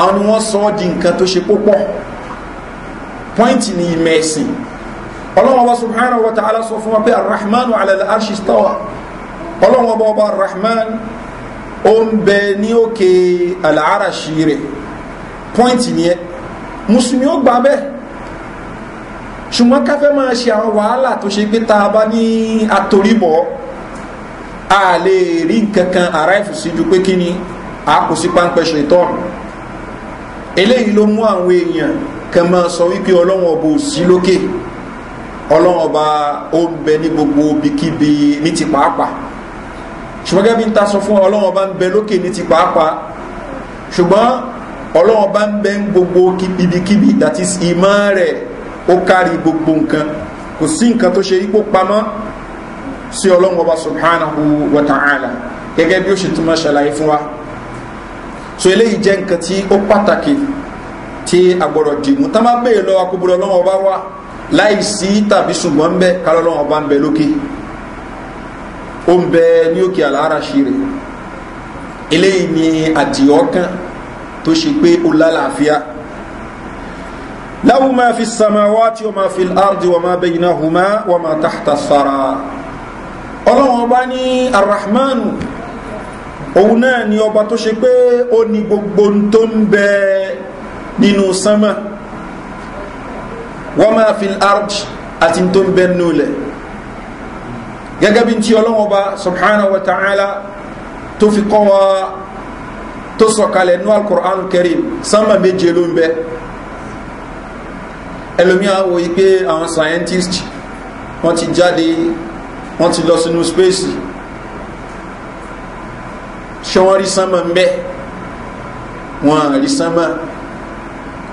àwọn ni wọ́n sọ ọ́ di nǹkan tó ṣe púpọ̀ pọ́ìntì ni ìmọ̀ ẹ̀sìn ọlọ́wọ́n bá subhanahu wa ta'ala sọ fún wa pé arrahman ala al-arshi stawa ọlọ́wọ́n bá ọba arrahman ó ń bẹ ní òkè al-arashi rẹ̀ pọ́ìntì nìyẹn mùsùlùmí ó gbà bẹ́ẹ̀ ṣùgbọ́n káfẹ́ máa ṣe àwọn wàhálà tó ṣe pé tá a bá ní àtòríbọ̀ a lè rí nǹkan kan ara ìfòsí ju pé kí ni a kò sí páńpẹ́ ṣètọ́n eléyìí ló mú àwọn èèyàn kan máa sọ wípé ọlọ́wọ́n ọba sí lókè ọlọ́run ọba ó ń bẹ ní gbogbo ibikíbi ní ti pàápàá ṣùgbọ́n gẹ́gẹ́ bí n ta sọ fún ọlọ́run ọba ń bẹ lókè ní ti pàápàá ṣùgbọ́n ọlọ́run ọba ń bẹ ní gbogbo ibikíbi that is ìmọ̀ rẹ̀ ó kárí gbogbo nǹkan kò sí nǹkan tó ṣe ipò pamọ́ sí ọlọ́run ọba subhanahu wa ta'ala gẹ́gẹ́ bí ó ṣe túnmọ̀ ṣàlàyé fún wa so eléyìí jẹ́ nǹkan tí ó pàtàkì tí agbọ̀rọ̀ dìmú tá má bèèrè lọ akóbọ̀lọ́ ọlọ́run ọba wa láì sí tàbí ṣùgbọ́n ń bẹ kálọ́lọ́wọ́ ọba ń bẹ lókè ó ń bẹ ní òkè àlàáràṣì rẹ̀ eléyìí ni àdìọ́kàn tó ṣe pé ó lálàáfíà láwù máa fi samawati wa máa fi ardi wa máa bẹ̀yìn náà hùmá wa máa tàhtà sára ọlọ́wọ́n ọba ní arrahmanu òun náà ni ọba tó ṣe pé ó ní gbogbo tó ń bẹ nínú sánmà wọ́n máa fi arj àti tó ń bẹ́ nù lẹ̀ gẹ́gẹ́ bí ti ọlọ́wọ́n bá subhanahu wa ta'ala tó fi kọ́ wa tó sọ̀kalẹ̀ nú alukur'an kẹrin sánmà méje ló ń bẹ ẹlòmíà wò yí pé scientist wọ́n ti jáde wọ́n ti lọ sínú space ṣé wọ́n rí sánmà ń bẹ wọ́n rí sánmà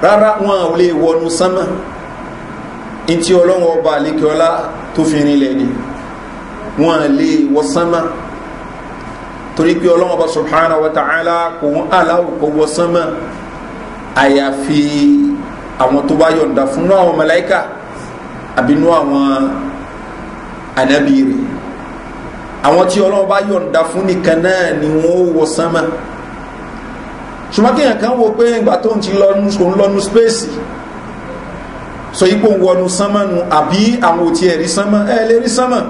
rárá wọ́n ò ntí ọlọ́wọ́ ọba àlékeọlá tó fi rinlẹ̀ ni wọn lè wọ sánmà torí pé ọlọ́wọ́ ọba subhanahu wa ta'ala kò ń aláwò kó wọ sánmà àyàfi àwọn tó bá yọ̀ǹda fún nú àwọn màláíkà àbí nú àwọn ànábì rẹ̀ àwọn tí ọlọ́wọ́ bá yọ̀ǹda fún nìkan náà ni wọ́n ó wọ sánmà ṣùgbọ́n kéèyàn kan wo pé ìgbà tó ń ti lọ́nu space so yìí kó ń wọnú sánmọ́ nu àbí àwọn òtí ẹ̀rí sánmọ́ ẹ lè rí sánmọ́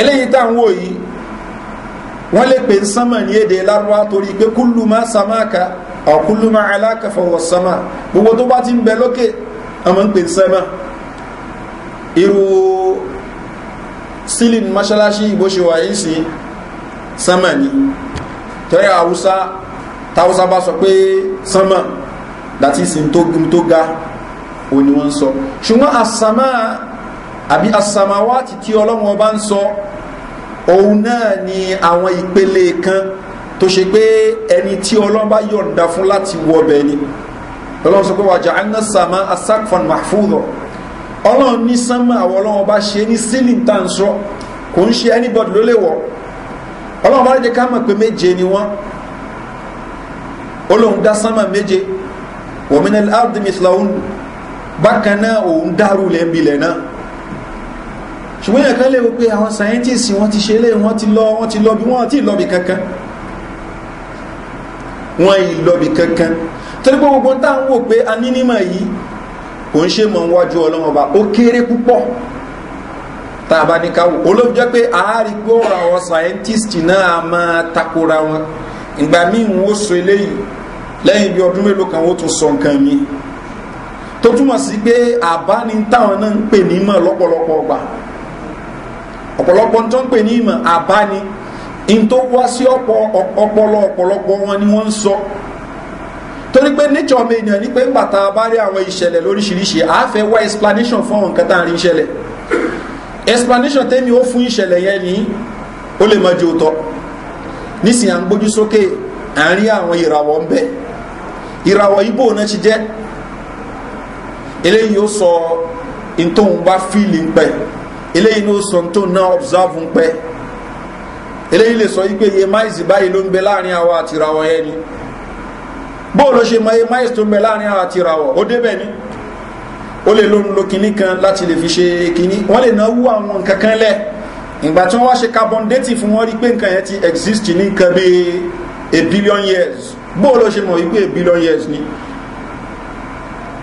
eléyìí tá à ń wò yìí wọ́n lè pè ń sánmọ́ ní èdè lárúbá torí pé kúlù má samáka ọ̀kúlù má aláka fọwọ́ sánmà gbogbo tó bá ti ń bẹ lókè ọmọ ń pè ń irú sílìn mọ́ṣáláṣí ìbò ṣe wà yìí sí sánmọ́ ni torí àwùsá táwùsá bá sọ pé sánmọ́ dàtí sí tó ga ó ní wọ́n ń sọ ṣùgbọ́n àsàmà àbí àsàmàwátì tí ọlọ́run ọba ń sọ òun náà ni àwọn ìpele kan tó ṣe pé ẹni tí ọlọ́run bá yọ̀ǹda fún láti wọbẹ̀ ni ọlọ́run sọ pé wàjà anna sàmà asakfan mahfudọ ọlọ́run ní sánmà àwọn ọlọ́run bá ṣe ní sílìn tá n sọ kò ń ṣe anybody ló lè wọ̀ ọlọ́run bá lè jẹ́ ká mọ̀ pé méje ni wọ́n olóhùn dá sánmà méje wọ̀mínà áàdì mìtìláhùn bákan náà òun dàrú lẹ́ńbilẹ̀ náà ṣùgbọ́n yẹn kan lè wo pé àwọn scientists wọ́n ti ṣe lé wọ́n ti lọ wọ́n ti lọ bí wọ́n ti lọ́bi kankan wọ́n yìí lọ́bi kankan torí pé gbogbo tá à ń wò pé anínímọ̀ yìí kò ń ṣe mọ̀ ń wájú ọlọ́wọ́n ọba ó kéré púpọ̀ tá a bá ní káwọ́ olóòjọ́ pé àárín pé ọ̀rọ̀ àwọn scientist náà a máa takora wọn ìgbà míì wọ́n ó so eléyìí lẹ́yìn bí ọdún mélòó kan ó tún sọ nǹkan mìíràn tó túmọ̀ sí pé àbáni táwọn náà ń pè ní mọ̀ lọ́pọ̀lọpọ̀ ọgbà ọ̀pọ̀lọpọ̀ tó ń pè ní ìmọ̀ àbáni in tó wá sí ọpọlọ ọ̀pọ̀lọpọ̀ wọn ni wọ́n ń sọ torí pé nature ọmọ ènìyàn ní pé ń bàtà bá rí àwọn ìṣẹ̀lẹ̀ lóríṣiríṣi a fẹ́ wá explanation fún àwọn nǹkan tá à ń rí ìṣẹ̀lẹ̀ explanation tẹ́mi ó fún ìṣẹ̀lẹ̀ yẹn ní ó lè mọ́jú ọ̀tọ̀ nísìnyí à ń gbójú sókè à àwọn ìràwọ̀ ń bẹ ìràwọ̀ ibo náà ti jẹ́ eléyìí ó sọ ntòun bá fíìlì ń pẹ́ eléyìí ló sọ ntòun náà observe ń pẹ́ eléyìí lè sọ wípé iye máìsì báyìí ló ń bẹ láàrin àwa àti ìràwọ̀ yẹn ni bó ló ṣe mọ iye máìsì tó ń bẹ láàrin àwa àti ìràwọ̀ ó débẹ̀ ni ó lè ló ń lo kinní kan láti lè fi ṣe kinní wọ́n lè náwó àwọn nǹkan kan lẹ̀ ìgbà tí wọ́n wá ṣe carbon dating fún wọn rí pé nǹkan yẹn ti exist ní nǹkan bíi a billion years bó ló ṣe mọ̀ wípé a billion years ni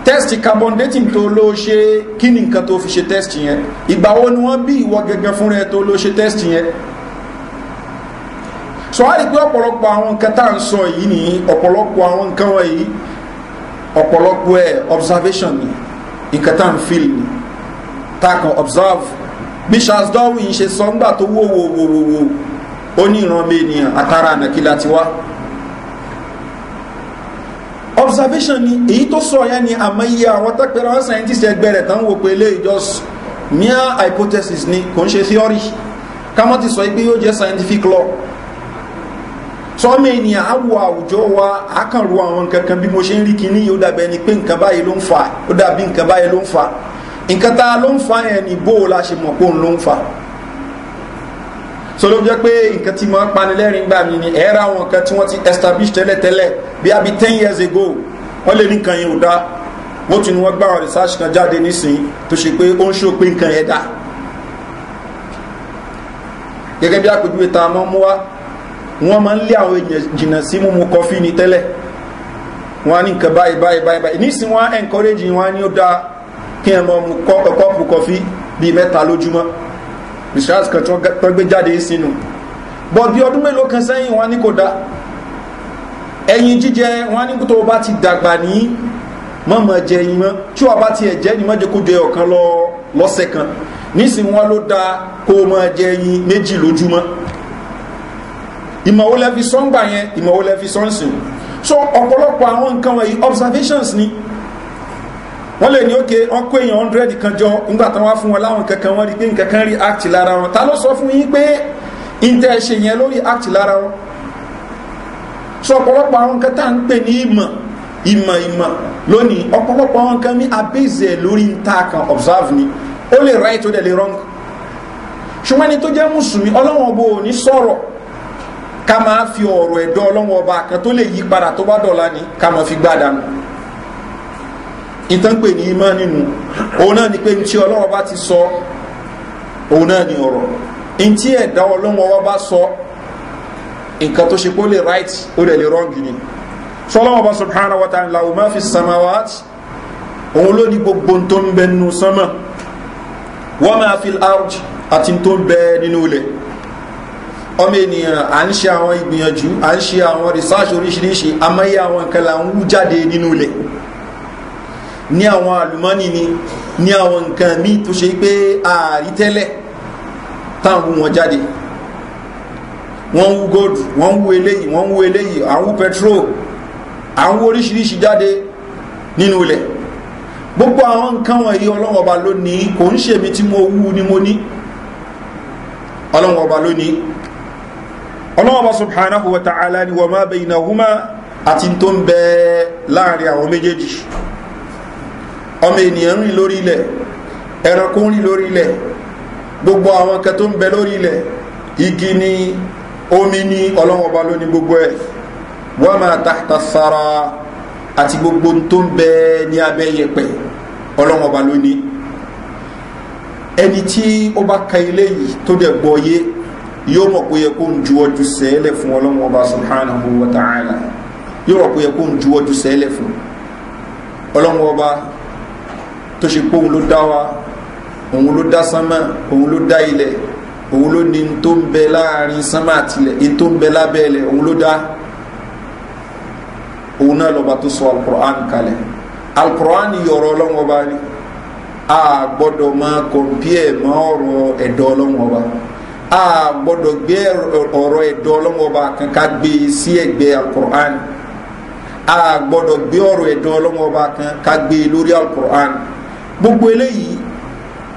tẹ́sì carbon dating tó ló ṣe kí ni nǹkan tó fi ṣe tẹ́sì yẹn ìgbà wo ni wọ́n bí ìwọ gẹ́gẹ́ fúnra ẹ tó ló ṣe tẹ́sì yẹn sọ wá rí pé ọ̀pọ̀lọpọ̀ àwọn nǹkan tá à ń sọ yìí ni ọ̀pọ̀lọpọ̀ àwọn nǹkan wọ̀nyí ọ̀pọ̀lọpọ̀ ẹ̀ observation ni nǹkan tá à ń feel ni tá a kan observe bí charles darwin ṣe sọ ńgbà tó wò wò wò wò ó ní ìran mi ènìyàn àtàrà ànàkí láti wá observation ni èyí tó sọ yẹn ni àmọ́ iye àwọn tẹ́pẹ̀rẹ̀ àwọn scientist ẹgbẹ́ rẹ̀ tán wò pé ilé ìjọs mere hypothesis ni kò ń ṣe theory kámọ́ ti sọ pé yóò jẹ́ scientific law sọ́mọ ènìyàn á wo àwùjọ wa á kàn ro àwọn nǹkan kan bí mo ṣe ń rí kinní yìí ó dàbẹ̀ ni pé nǹkan báyìí ló ń fa ó dàbí nǹkan báyìí ló ń fa nǹkan tá a ló ń fa yẹn ni bó o la ṣe mọ̀ pé òun ló ń fa so ló jẹ́ pé nǹkan tí máa ń panilẹ́rìn gbà mí ni ẹ̀ẹ́ra àwọn nǹkan tí wọ́n ti establish tẹ́lẹ̀tẹ́lẹ̀ bí i abi ten years ago wọ́n lè ní nǹkan yẹn ò dáa wọ́n tún ní wọ́n gbà àwọn research kan jáde nísìnyí tó ṣe pé ó ń ṣó pé nǹkan yẹn dáa gẹ́gẹ́ bí àpèjúwe tá a mọ́ mú wá wọ́n máa ń lé àwọn èèyàn jìnnà sí mímu kọfí ni tẹ́lẹ̀ wọ́n á ní nǹkan báyìí báyìí báyìí báyìí nísìn wọ́n á encourage wọ́n á ní ó dáa kí ẹ mọ̀ mu kọ́ọ̀pù kọfí bíi mẹ́ta lójúmọ́ research kan tó gbé jáde sínú bọ́ bí ọdún mélòó kan sẹ́yìn wọn ní kò dá ẹyin jíjẹ wọn ní tó bá ti dàgbà ní mọ̀mọ̀ jẹ ẹyin mọ́ tí wọ́n bá ti ẹ̀jẹ̀ ní mọ́jẹ́ kó jẹ ọ̀kan lọ lọ́sẹ̀ kan nísìn wọn ló da kó mọ́ jẹ ẹyin méjì lójúmọ́ ìmọ̀wó lẹ́fi sọ́ngbà yẹn ìmọ̀wó lẹ́fi sọ́nsìn so ọ̀pọ̀lọpọ̀ àwọn nǹkan wọ̀nyí observations ni wọ́n lè ní òkè wọ́n kó èèyàn hundred kan jọ nígbà tán wá fún wọn láwọn kankan wọ́n rí pé nǹkan kan rí act lára wọn ta ló sọ fún yín pé ìtẹ́ ẹ ṣe yẹn lórí act lára wọn sọ ọ̀pọ̀lọpọ̀ àwọn nǹkan tá à ń pè ní ìmọ̀ ìmọ̀ ìmọ̀ lónìí ọ̀pọ̀lọpọ̀ àwọn nǹkan ní abézẹ̀ lórí ń kan observe ni ó lè right ó dẹ̀ lè wrong ṣùgbọ́n ẹni tó jẹ́ mùsùlùmí ọlọ́wọ́n ọba ò ní sọ̀rọ̀ ká máa fi ọ̀rọ̀ ẹ̀dọ́ ọlọ́wọ́n ọba kan tó lè yí padà tó bá dọ̀la ni ká máa fi gbá dànù ìtànpè ní imá nínú òun náà ni pé ní tí ọlọ́wọ́ bá ti sọ òun náà ni ọ̀rọ̀ ní tí ẹ̀dá ọlọ́wọ́ bá sọ nǹkan tó ṣe pé lè right ó lè lè wrong ni sọlọ́wọ́ bá subhanahu wa ta'ala lau ma fi samawat òun ló ní gbogbo tó ń bẹ nínú sánmà wọ́n máa fi arj àti tó ń bẹ nínú ilẹ̀ ọmọ ènìyàn à ń ṣe àwọn ìgbìyànjú à ń ṣe àwọn research oríṣiríṣi amáyé àwọn nǹkan là ń wú jáde nínú ilẹ̀ ní àwọn àlùmọ́nì ni ní àwọn nǹkan míì tó ṣe pé ààrí tẹ́lẹ̀ táwọn wú wọn jáde wọ́n ń wú góòdù wọ́n ń wú eléyìí wọ́n ń wú eléyìí à ń wú petrol à ń wú oríṣiríṣi jáde nínú ilẹ̀ gbogbo àwọn nǹkan wọ̀nyí ọlọ́wọ́n ọba lónìí kò ń ṣèmi tí mo wú ni mo ní ọlọ́wọ́n ọba lónìí ọlọ́wọ́n ọba subhanahu wa ta'ala ni wọ́n máa bẹ̀yìn náà húmá àti tó ń bẹ láàrin àwọn méjèèjì ọmọ ènìyàn rìn lórí ilẹ̀ ẹranko rìn lórí ilẹ̀ gbogbo àwọn nǹkan tó ń bẹ lórí ilẹ̀ igi ni omi ni ọlọ́wọ́n ọba ló ní gbogbo ẹ̀ wọ́n máa tàhtà sára àti gbogbo tó ń bẹ ní abẹ́ yẹpẹ̀ ọlọ́wọ́n ọba ló ní ẹni tí ó bá ka ilé tó dẹ̀ gbọ́ yé yóò mọ̀ pé yẹ kó ń ju ọjọ́ sẹ́lẹ̀ fún ọlọ́wọ́n ọba subhanahu wa ta'ala yóò mọ̀ pé yẹ kó ń ju ọjọ́ sẹ́lẹ̀ fún ọlọ́wọ́n ọba tó ṣe pé òun ló dá wa òun ló dá sánmà òun ló dá ilẹ̀ òun ló ní tó ń bẹ láàrin sánmà àtìlẹ̀ ní tó ń bẹ lábẹ́ ilẹ̀ òun ló dá òun náà lọ́ba tó sọ alukur'an kalẹ̀ alukur'an yọ̀rọ̀ ọlọ́wọ́ bá ní a gbọ́dọ̀ máa kọ̀m̀pìẹ̀ mọ́ ọ̀rọ̀ ẹ̀dọ́ ọlọ́wọ́ bá a gbọ́dọ̀ gbé ọ̀rọ̀ ẹ̀dọ́ ọlọ́wọ́ bá kankan gbé e sí ẹ̀gbẹ́ alukur'an a gbọ́dọ̀ gbé ọ̀rọ̀ ẹ̀dọ́ ọlọ́wọ́ bá kankan gbé e lórí alukur'an gbogbo eléyìí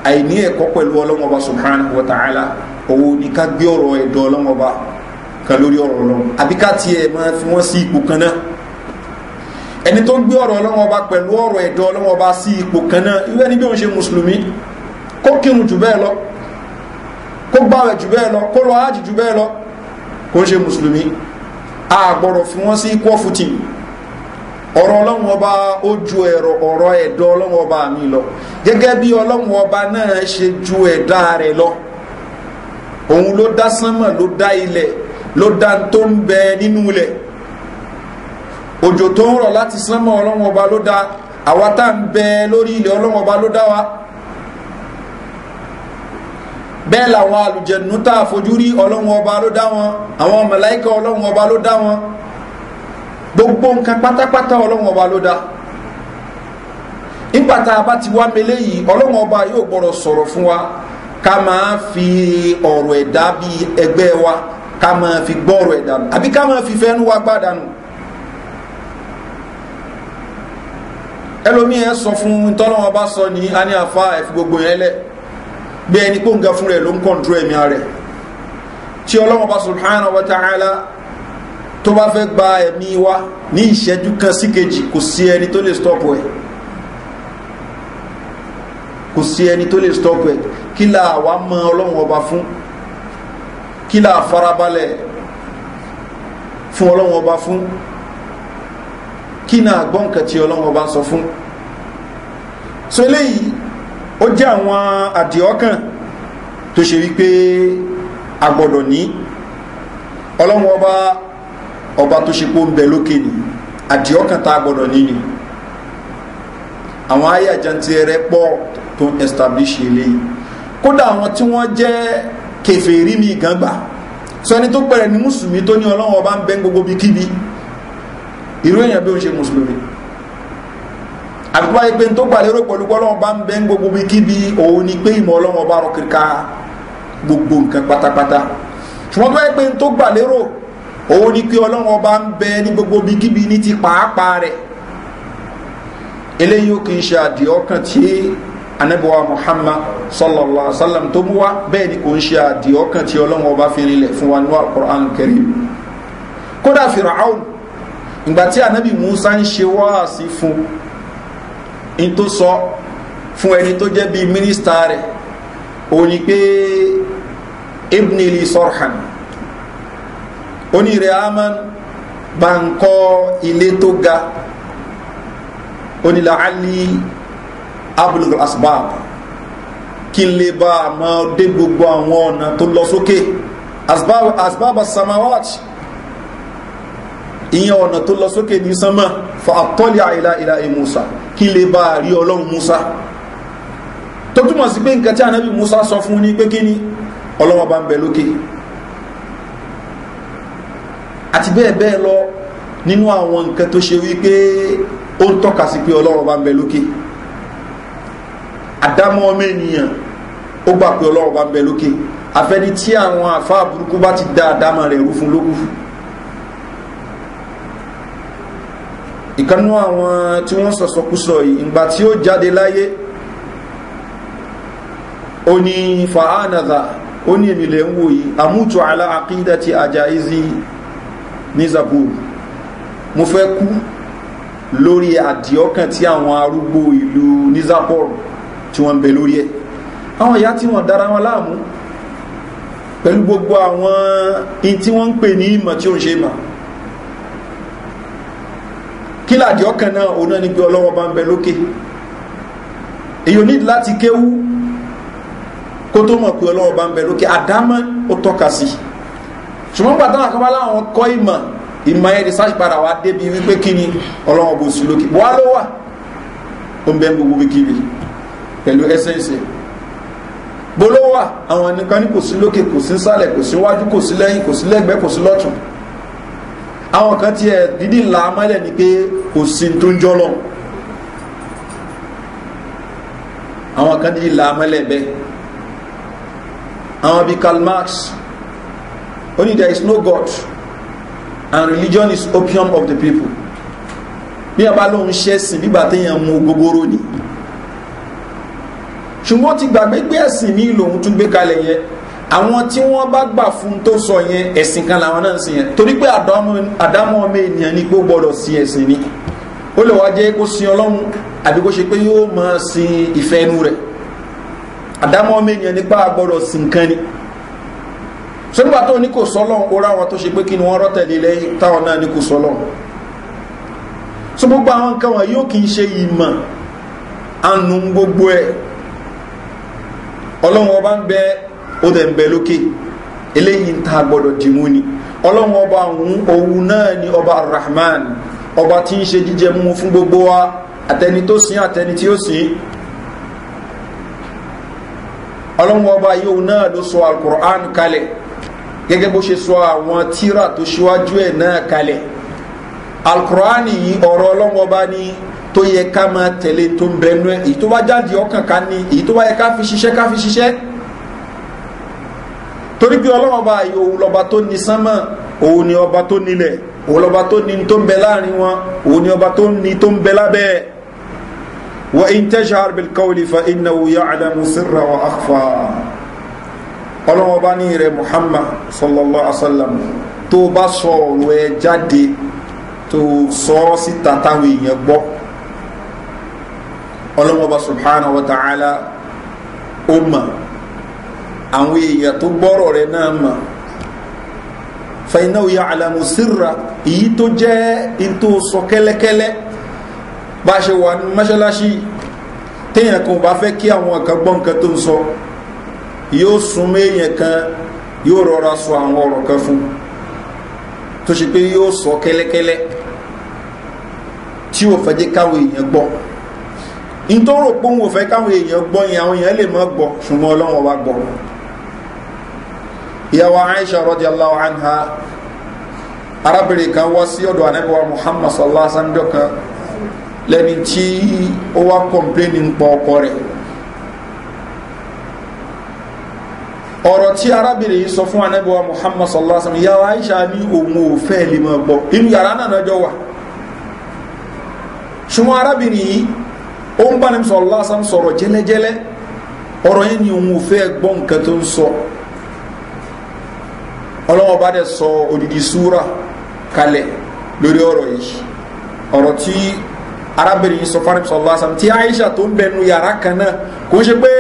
àìní ẹ̀kọ́ pẹ̀lú ọlọ́mọba subhanahu wa ta'ala owó ní ká gbé ọ̀rọ̀ ẹ̀dọ̀ ọlọ́mọba kan lórí ọ̀rọ̀ ọlọ́run àbí ká tiẹ̀ máa fi wọ́n sí ipò kan náà ẹni tó ń gbé ọ̀rọ̀ ọlọ́mọba pẹ̀lú ọ̀rọ̀ ẹ̀dọ̀ ọlọ́mọba sí ipò kan náà irú ẹni bí òun ṣe mùsùlùmí kó kírun jù bẹ́ẹ̀ lọ kó gbàwẹ̀ jù bẹ́ẹ̀ lọ kó lọ ájì jù bẹ́ẹ̀ lọ kó ń ṣe mùsùlùmí a fi wọ́n sí equal ọ̀rọ̀ ọlọ́run ọba ó ju ẹ̀rọ ọ̀rọ̀ ẹ̀dọ́ ọlọ́run ọba mi lọ gẹ́gẹ́ bí ọlọ́run ọba náà ṣe ju ẹ̀dá rẹ̀ lọ òun ló dá sánmọ̀ ló dá ilẹ̀ ló dá tó ń bẹ nínú ilẹ̀ òjò tó ń rọ̀ láti sánmọ̀ ọlọ́run ọba ló dá àwa tá ń bẹ lórí ilẹ̀ ọlọ́run ọba ló dá wa bẹ́ẹ̀ làwọn àlùjẹ̀nú tá a fojú rí ọlọ́run ọba ló dá wọn àwọn màláíkà ọlọ́run ọba ló dá wọn gbogbo nǹkan pátápátá ọlọ́run ọba ló dá nígbà ti wá mele yìí ọlọ́run ọba yóò gbọ́dọ̀ sọ̀rọ̀ fún wa ká fi ọ̀rọ̀ ẹ̀dá bi ẹgbẹ́ wa ká máa fi gbọ́ ọ̀rọ̀ ẹ̀dá nù àbí ká máa fi fẹ́nu wa gbádànù ẹlòmíì ẹ sọ fún tọ́lọ́run ọba sọ ní a ní àfa ẹ̀fi gbogbo yẹn lẹ̀ bí ẹni pòǹga fún rẹ̀ ló ń ọba tó bá fẹ́ gba ẹ̀mí wa ní ìṣẹ́jú kan sí kejì kò sí ẹni tó lè stọ́pù ẹ̀ kò sí ẹni tó lè stọ́pù ẹ̀ kí là wá mọ ọlọ́run ọba fún kí là farabalẹ̀ fún ọlọ́run ọba fún kí náà gbọ́ nǹkan tí ọlọ́run ọba sọ fún so eléyìí ó jẹ́ àwọn àdìọ́kàn tó ṣe wípé a gbọ́dọ̀ ní ọlọ́run ọba ọba tó ṣe pé ó ń bẹ lókè ni àdìọ́kàn tá a gbọ́dọ̀ ní ni àwọn ayé àjàntì rẹ pọ̀ tó ń establish eléyìí kódà àwọn tí wọ́n jẹ́ kẹfẹ́rí mi gan gbà sọ ẹni tó pẹ̀rẹ̀ ní mùsùlùmí tó ní ọlọ́run ọba ń bẹ gbogbo bí kíbi irú èèyàn bí ó ń ṣe mùsùlùmí àbíkú báyìí pé n tó gbà lérò pẹ̀lú ọlọ́run ọba ń bẹ gbogbo bí kíbi òun ni pé ìmọ̀ ọlọ́run ọba rọ kiri gbogbo nǹkan pátápátá ṣùgbọ́n tó báyìí pé tó gbà lérò òun ni pé ọlọ́run ọba ń bẹ ní gbogbo bíkíbi ní ti pàápàá rẹ̀ eléyìí ó kì í ṣe àdìẹ ọkàn tí anabiwa muhammad sallallahu alaihi wa sallam tó mú wa bẹ́ẹ̀ ni kò ń ṣe àdìẹ ọkàn tí ọlọ́run ọba fi rinlẹ̀ fún wa ní alukur'an karim kódà fìràáhùn ìgbà tí anabi musa ń ṣe wáàsí fún in tó sọ fún ẹni tó jẹ́ bíi mínísítà rẹ̀ òun ni pé ibnili sorhan Oni reaman bá ileto kọ́ ilé tó ga onílà ali abulul asbab kile ba lè bá a gbogbo àwọn ọ̀nà tó lọ sókè asbab asbab samawat ìyẹn ọ̀nà tó lọ sókè ní sánmà fa àtọ́lẹ̀ àìlà ìlà ìmùsà kí lè bá a rí musa tó túmọ̀ sí pé nǹkan tí anabi musa sọ fún ní pé kí ni ọlọ́run bá ń bẹ àti bẹ́ẹ̀ bẹ́ẹ̀ lọ nínú àwọn nǹkan tó ṣe wípé ó ń tọ́ka sí pé ọlọ́run bá ń bẹ lókè àdámọ́ ọmọ ènìyàn ó gbà pé ọlọ́run bá ń bẹ lókè àfẹ́ni tí àwọn àfa burúkú bá ti da àdámọ́ rẹ̀ rú fún lókù ìkanú àwọn tí wọ́n sọ̀sọ̀kúsọ yìí ìgbà tí ó jáde láyé ó ní fa'ánàdà ó ní èmìlẹ̀ ń wò yìí àmútu àlà ti àjà ìzì ní zabur mo fẹ́ kú lórí àdìọ́kàn tí àwọn arúgbó ìlú nizapor tí wọ́n ń bẹ lórí ẹ̀ àwọn ìyá tí wọ́n dára wọn láàmú pẹ̀lú gbogbo àwọn in tí wọ́n ń pè ní ìmọ̀ tí ó ń ṣe mà kí làdìọ́kàn náà òun náà ni pé ọlọ́wọ́ bá ń bẹ lókè èyí ò ní láti kéwú kó tó mọ̀ pé ọlọ́wọ́ bá ń bẹ lókè àdámọ́ ó tọ́ka sí i ṣùgbọ́n gbàtà àkọ́bá láwọn kọ́ ìmọ̀ ìmọ̀ yẹn research padà wá débi wípé kí ni ọlọ́wọ́n bó sí lókè wá ló wà ó ń bẹ́ gbogbo wíkiri pẹ̀lú ẹsẹ̀nsẹ̀ bolówó wà àwọn nìkan ní kò sí lókè kò sí sálẹ̀ kò sí wájú kò sí lẹ́yìn kò sí lẹ́gbẹ́ kò sí lọ́tún àwọn kan tiẹ̀ dídì ńlá mọ́lẹ̀ ni pé kò sí tó ń jọ́lọ́ àwọn kan dídì ńlá mọ́lẹ̀ bẹ́ẹ̀ àwọn bíi Karl Marx Only there is no God and religion is opium of the people. Bí a bá lóun ṣẹ́sìn bígbà téèyàn mu gbogbooro ni. Ṣùgbọ́n ti gbàgbé pé ẹ̀sìn ní lòun tún gbé kalẹ̀ yẹn. Àwọn tí wọ́n bá gbà fún tó sọ yẹn ẹ̀sìn kan làwọn náà ń sìn yẹn. Torí pé àdámọ́ ọmọ ènìyàn ni pé ó gbọ́dọ̀ sin ẹ̀sìn ni. Ó lè wá jẹ́ kó sin Ọlọ́run àbí kó ṣe pé yóò máa sin ìfẹ́ inú rẹ̀. Àdámọ́ ọmọ ènìyàn nípa gbọ́dọ̀ sin kan ni. Pe, sọ́nùgbà tó ní kò sọ́lọ́ orá wọn tó ṣe pé kí ni wọ́n rọ́tẹ̀lé lẹ́yìn táwọn náà ní kò sọ́lọ́ so gbogbo àwọn nǹkan wọn yóò kí ń ṣe ìmọ̀ anu gbogbo ẹ̀ ọlọ́run ọba ń bẹ ó dẹ̀ ń bẹ lókè eléyìí ta gbọ́dọ̀ dìmú ni ọlọ́run ọba òun òun náà ni ọba rahman ọba tí ń ṣe jíjẹ mú fún gbogbo wa àtẹni tó sin àtẹni tí ó sin ọlọ́run ọba yóò náà ló sọ alukur'an kalẹ̀ gẹ́gẹ́ bó ṣe sọ àwọn tíra tó ṣíwájú ẹ̀ náà kalẹ̀ alukur'ani yìí ọ̀rọ̀ ọlọ́wọ́ bá tó yẹ ká máa tẹ̀lé tó ń bẹnu ẹ̀ èyí tó bá jáde ọkàn ká ní èyí tó bá yẹ ká fi ṣiṣẹ́ ká fi ṣiṣẹ́ torí bí ọlọ́wọ́ yìí òun lọ́ba tó ní sánmọ̀ òun ni ọba tó nílẹ̀ òun lọ́ba tó ní tó ń bẹ láàrin wọn òun ni ọba tó ní tó ń bẹ lábẹ́ ẹ̀ wọ́n in tẹ́ṣà arbilkawli fa ináwó yá àdàmú sírra wa akfa ọlọ́wọ́n bá ní rẹ̀ muhammad sallallahu alaihi wa sallam tó bá sọ ọ̀rọ̀ ẹ jáde tó sọ ọ́ síta táwọn èèyàn gbọ́ ọlọ́wọ́n bá subhanahu wa ta'ala ó mọ̀ àwọn èèyàn tó gbọ́rọ̀ rẹ̀ náà mọ̀ fẹ̀yìnáwó ya alamu sírra èyí tó jẹ́ ètò sọ kẹ́lẹ́kẹ́lẹ́ bá ṣe wà ní mọ́ṣáláṣí téèyàn kan bá fẹ́ kí àwọn kan tó ń sọ. So yóò súnmọ́ èèyàn kan yóò rọra sọ àwọn ọ̀rọ̀ kan fún tó ṣe pé yóò sọ kẹ́lẹ́kẹ́lẹ́ tí ò fẹ́ jẹ́ káwọn èèyàn gbọ́ in tó rò káwọn èèyàn gbọ́ yẹn àwọn èèyàn lè má wa gbọ́ ìyàwó Aisha anha arábìnrin kan wá sí ọ̀dọ̀ anábíwá Muhammad sallallahu alaihi lẹ́ni tí ó wá ń ọ̀rọ̀ tí arábìnrin yìí sọ fún anábíwá muhammad sallallahu alaihi wasallam ìyá wa aisha ní òun ò fẹ́ lè máa gbọ́ inú yàrá náà lọ́jọ́ wà ṣùgbọ́n arábìnrin yìí ó ń bá ní sallallahu alaihi wasallam sọ̀rọ̀ jẹ́lẹ́jẹ́lẹ́ ọ̀rọ̀ yẹn ni òun ò fẹ́ gbọ́ nǹkan tó ń sọ ọlọ́wọ́ bá dẹ̀ sọ odidi súra kalẹ̀ lórí ọ̀rọ̀ yìí ọ̀rọ̀ tí arábìnrin yìí sọ fún anábíwá sallallahu alaihi wasallam tí aisha tó ń bẹnu yàrá kan náà kò ń ṣe pé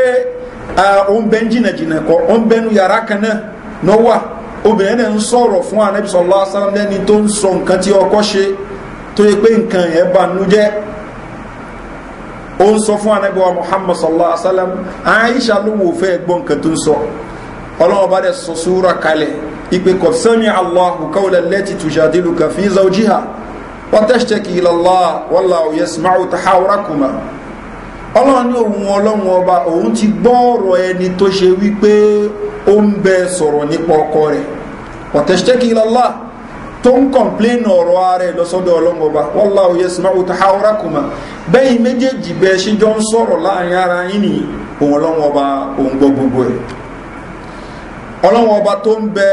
Ah, ó ń bẹ́ ń jìnà jìnà kọ́ ó ń bẹ́nu yàrá kan náà náà wà obìnrin náà ń sọ̀rọ̀ fún anabi sallallahu alaihi wasallam lẹ́ni tó ń sọ nǹkan tí ọkọ ṣe tó yẹ pé nǹkan yẹn bá nu jẹ́ ó ń sọ fún anabi muhammad sallallahu alaihi wasallam aisha ló wò fẹ́ gbọ́ nǹkan tó ń sọ ọlọ́wọ́ bá dẹ̀ sọ súra kalẹ̀ ìpè kọ̀ sami allahu kawla lẹ́tì tujadiluka fi zawjiha wa tashtaki ila allah wallahu yasma'u tahawurakuma ọlọ́run ní ohun ọlọ́run ọba òun ti gbọ́ ọ̀rọ̀ ẹni tó ṣe wípé ó ń bẹ sọ̀rọ̀ nípa ọkọ rẹ̀ ọ̀tẹ̀ṣẹ́kì lọ́lá tó ń kọ̀m̀pléènì ọ̀rọ̀ ààrẹ lọ́sọ́dọ̀ ọlọ́run ọba wọ́lá òye sinmi ọ̀tá haúrá kùmà bẹ́yìn méjèèjì bẹ ṣe jọ ń sọ̀rọ̀ láàrin ara yín ni ohun ọlọ́run ọba òun gbọ́ gbogbo ẹ̀ ọlọ́run ọba tó ń bẹ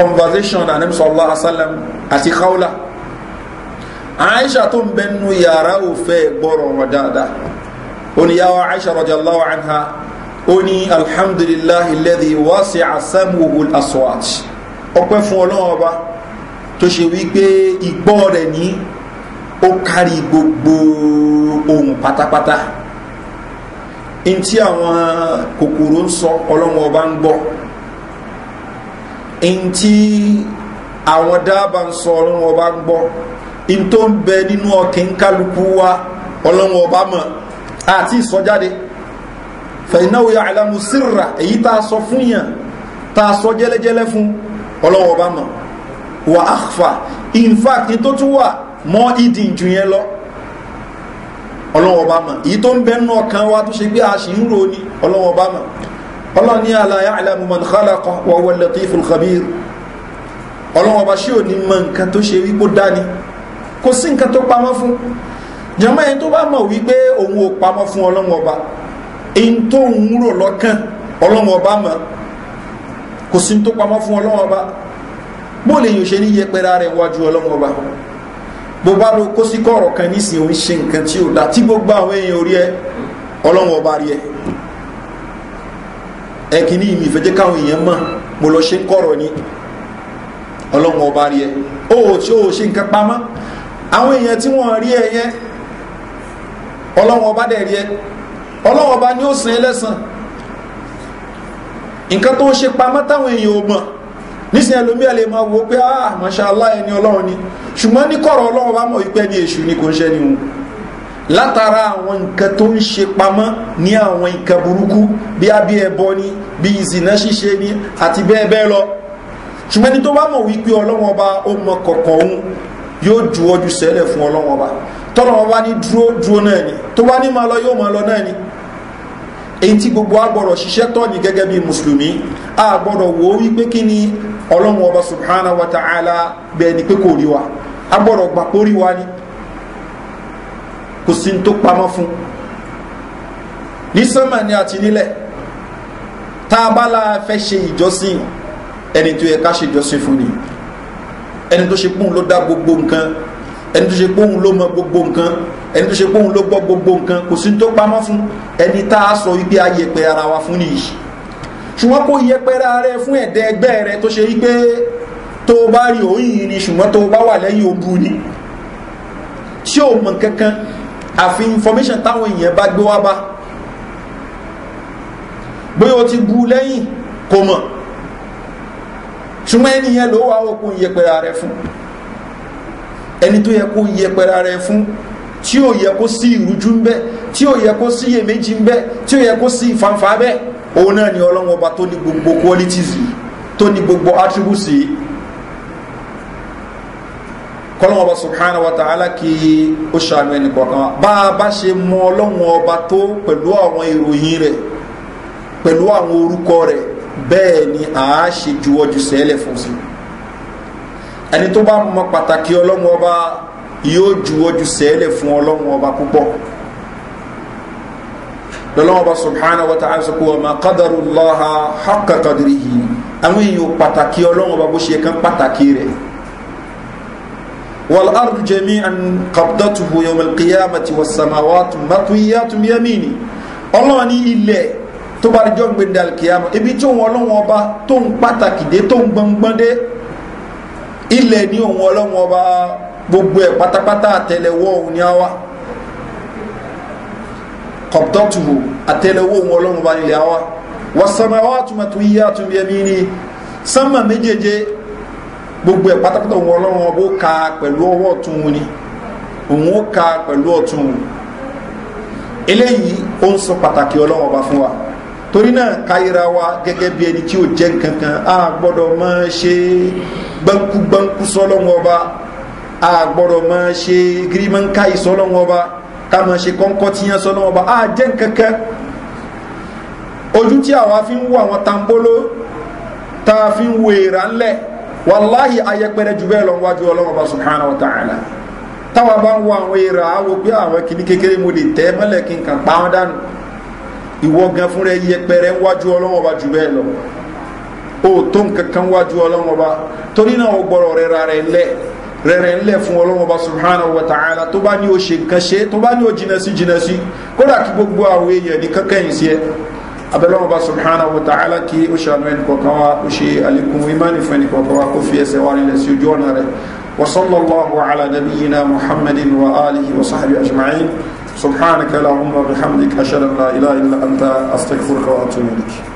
conversation anamsọ́lá asálàm àti aisha tó ń bẹnu yàrá òfẹ́ gbọ́rọ̀ wọn dáadáa oníyàwó aisha radiyallahu anha oni alhamdulilahi lẹ́dí wáṣẹ àsámuhul aswat ọpẹ́ fún ọlọ́run ọba tó ṣe wípé ìgbọ́ rẹ̀ ní ó kárí gbogbo ohun pátápátá n tí àwọn kòkòrò ń sọ ọlọ́run ọba ń gbọ́ n tí àwọn dábàá ń sọ ọlọ́run ọba ń gbọ́ in tó ń bẹ nínú ọkàn kálukú wa ọlọ́run ọba mọ̀ àti ìsọjáde fẹ̀yìnáwó ya àlámù sírra èyí tá a sọ fún yàn tá a sọ jẹ́lẹ́jẹ́lẹ́ fún ọlọ́run ọba mọ̀ wà áfà in fact in tó tún wà mọ́ ìdí jù yẹn lọ ọlọ́run ọba mọ̀ èyí tó ń bẹ nínú ọkàn wa tó ṣe pé a sì ń ro ni ọlọ́run ọba mọ̀ ọlọ́run ní àlàyé àlámù mọ̀ nìkálà kan wà wọlé tó ìfòlùkàbí ọlọ́run ọba ṣé ò ní mọ nǹkan tó ṣe wípó dání kò sí nǹkan tó pamọ́ fún jọmọ́ ẹni tó bá mọ̀ wípé òun ò pamọ́ fún ọlọ́run ọba èyí tó ń rò lọ́kàn ọlọ́run ọba mọ̀ kò sí tó pamọ́ fún ọlọ́run ọba bó lè yóò ṣe ní yẹpẹrẹ rẹ̀ wájú ọlọ́run ọba bó bá lo kó sí kan nísìnyí ò ṣe nǹkan tí ò dá tí gbogbo àwọn èèyàn orí ẹ ọlọ́run ọba rí ẹ ẹ kì ní ìmì ìfẹ́jẹ́ káwọn èèyàn mọ̀ mo lọ ṣe ń ni ọlọ́run ọba rí ẹ ó tí ṣe nǹkan pamọ́ àwọn èèyàn tí wọ́n rí ẹyẹ ọlọ́wọ́n ọba dẹ̀ rí ẹ ọlọ́wọ́n ọba ni ó san ẹlẹ́sàn nǹkan tó ń ṣe pamọ́ táwọn èèyàn ò mọ̀ nísìnyẹn lómi ẹ̀ lè máa wo pé ah mashallah ẹni ọlọ́run ni ṣùgbọ́n ní kọ̀rọ̀ ọlọ́run bá mọ̀ wípé ní èṣù ni kò ń ṣe ni òun látara àwọn nǹkan tó ń ṣe pamọ́ ní àwọn nǹkan burúkú bí abí ẹbọ ni bí ìzìnà ṣíṣe ni àti bẹ́ẹ̀ bẹ́ẹ̀ lọ ṣùgbọ́n ní tó bá mọ̀ wípé ọlọ́run ọba ó mọ kọ̀ọ̀kan òun yóò ju ojú sẹ́lẹ̀ fún ọlọ́wọ́n bá tọ́lọ́wọ́n bá ní dúró dúró náà ni tó bá ní máa lọ yóò máa lọ náà ni èyí tí gbogbo agbọ̀rọ̀ ṣiṣẹ́ tọ́ ni gẹ́gẹ́ bí mùsùlùmí agbọ̀rọ̀ wo wípé kí ni ọlọ́wọ́n ọba subhana wa ta'ala bẹ́ẹ̀ ni pé kò rí wa agbọ̀rọ̀ gbà kó wa ni kò sí tó pamọ́ fún ní sánmà ni àti nílẹ̀ tá a bá la fẹ́ ṣe ìjọsìn ẹni tó yẹ ká ṣe ìjọsìn fún ni ẹni tó ṣe pòun ló dá gbogbo nǹkan ẹni tó ṣe pòun ló mọ gbogbo nǹkan ẹni tó ṣe pòun ló gbọ́ gbogbo nǹkan kò sí tó pamọ́ fún ẹni tá a sọ wípé a yẹpẹ ara wa fún nìyí ṣùgbọ́n kó yẹpẹ ara rẹ fún ẹ̀dẹ́ ẹgbẹ́ rẹ tó ṣe wípé tó o bá rí òyìn ni ṣùgbọ́n tó o bá wà lẹ́yìn obu ni tí o mọ̀ kankan àfi information táwọn èèyàn bá gbé wá bá bóyá o ti bu lẹ́yìn kò mọ̀ ṣùgbọ́n ẹni yẹn ló wá okun yẹpẹra rẹ fún ẹni tó yẹ kó yẹpẹra rẹ fún tí ò yẹ kó sí ìrújú ń bẹ tí ò yẹ kó sí iyèméjì ń bẹ tí ò yẹ kó sí ìfanfa bẹ òun náà ni ọlọ́run ọba tó ní gbogbo qualities yìí tó ní gbogbo attributes yìí kọ́lọ́wọ́ ọba subhanahu wa ta'ala kí ó ṣàánú ẹnì kọ̀ọ̀kan bá a bá ṣe mọ ọlọ́run ọba tó pẹ̀lú àwọn ìròyìn rẹ̀ pẹ̀lú àwọn orúkọ rẹ̀ bẹ́ẹ̀ ni a ṣe juwọ́jú sẹ́lẹ̀ fún sí ẹni tó bá mọ pàtàkì ọlọ́run ọba yóò juwọ́jú sẹ́lẹ̀ fún ọlọ́run ọba púpọ̀ lọ́lọ́run ọba subhanahu wa ta'ala sọ pé ọmọ kádàrú lọ́ha haqqa qadrihi àwọn èèyàn pàtàkì ọlọ́run ọba bó ṣe kan pàtàkì rẹ̀ wal ardu jami'an qabdatuhu yawm al-qiyamati was samawati matwiyatun bi yamini ọlọ́run ní ilẹ̀ tó bá dijọ́ gbẹ̀dẹ̀ alikiyama ibi tí òun ọlọ́wọ́n ọba tó ń pàtàkì dé tó ń gbọ̀ngbọ̀n dé ilẹ̀ ní òun ọlọ́wọ́n ọba gbogbo ẹ̀ pátápátá àtẹlẹwọ́ òun ni a wá kọ̀pútọ́tù àtẹlẹwọ́ òun ọlọ́wọ́n ọba nílẹ̀ a wá wàsàmáwá tùmọ̀tù yíyá àtúnbíyẹmí ni sánmà méjèèje gbogbo ẹ̀ pátápátá òun ọlọ́wọ́n ọba ó ka pẹ̀lú ọwọ́ ọ̀tún ni òun ó ka pẹ̀lú ọ̀tún eléyìí ó ń sọ pàtàkì ọlọ́wọ́n ọba fún wa torina náà káyira wa gẹ́gẹ́ bí ẹni tí ó jẹ́ kankan a gbọ́dọ̀ máa ṣe gbáǹkúgbáǹkú sọ́lọ́wọ́ ọba a gbọ́dọ̀ máa ṣe gírímọ́ǹkáì sọ́lọ́wọ́ ọba ká máa ṣe kọ́ńkọ́ tíyàn a jẹ́ kankan ojú tí àwa fi ń wo àwọn tambolo tá a fi ń wo èèrà ńlẹ̀ wàláhì ayẹpẹrẹ jù bẹ́ẹ̀ lọ wájú ọlọ́wọ́ ọba subhanahu wa ta'ala táwa bá ń wo àwọn èèrà á wo pé àwọn kìnnì kékeré mo lè tẹ́ mọ́lẹ̀ kí n kàn pa wọn dànù ìwọ gan fúnra yẹpẹrẹ wájú ọlọ́wọ́n ọba jù bẹ́ẹ̀ lọ o tó nǹkan kan wájú ọlọ́wọ́n ọba torí náà o gbọ́dọ̀ rẹ ra rẹ lẹ rẹ̀rẹ̀ ńlẹ̀ fún ọlọ́run ọba subhanahu wa ta'ala tó bá ní o ṣe nǹkan ṣe tó bá ní o jìnà sí jìnà sí kódà kí gbogbo àwọn èèyàn ní kankan sí ẹ abẹ́lọ́run ọba subhanahu wa ta'ala kí o ṣàánú ẹnì kọ̀ọ̀kan wa o ṣe àlékún imáni fún ẹnì kọ̀ọ̀kan wa kó fi ẹsẹ̀ wa rinlẹ̀ sí ojú ọ̀nà rẹ̀ wa sallallahu ala nabiyyina muhammadin wa alihi wa sahbihi ajma'in سبحانك اللهم وبحمدك أشهد أن لا إله إلا أنت أستغفرك وأتوب إليك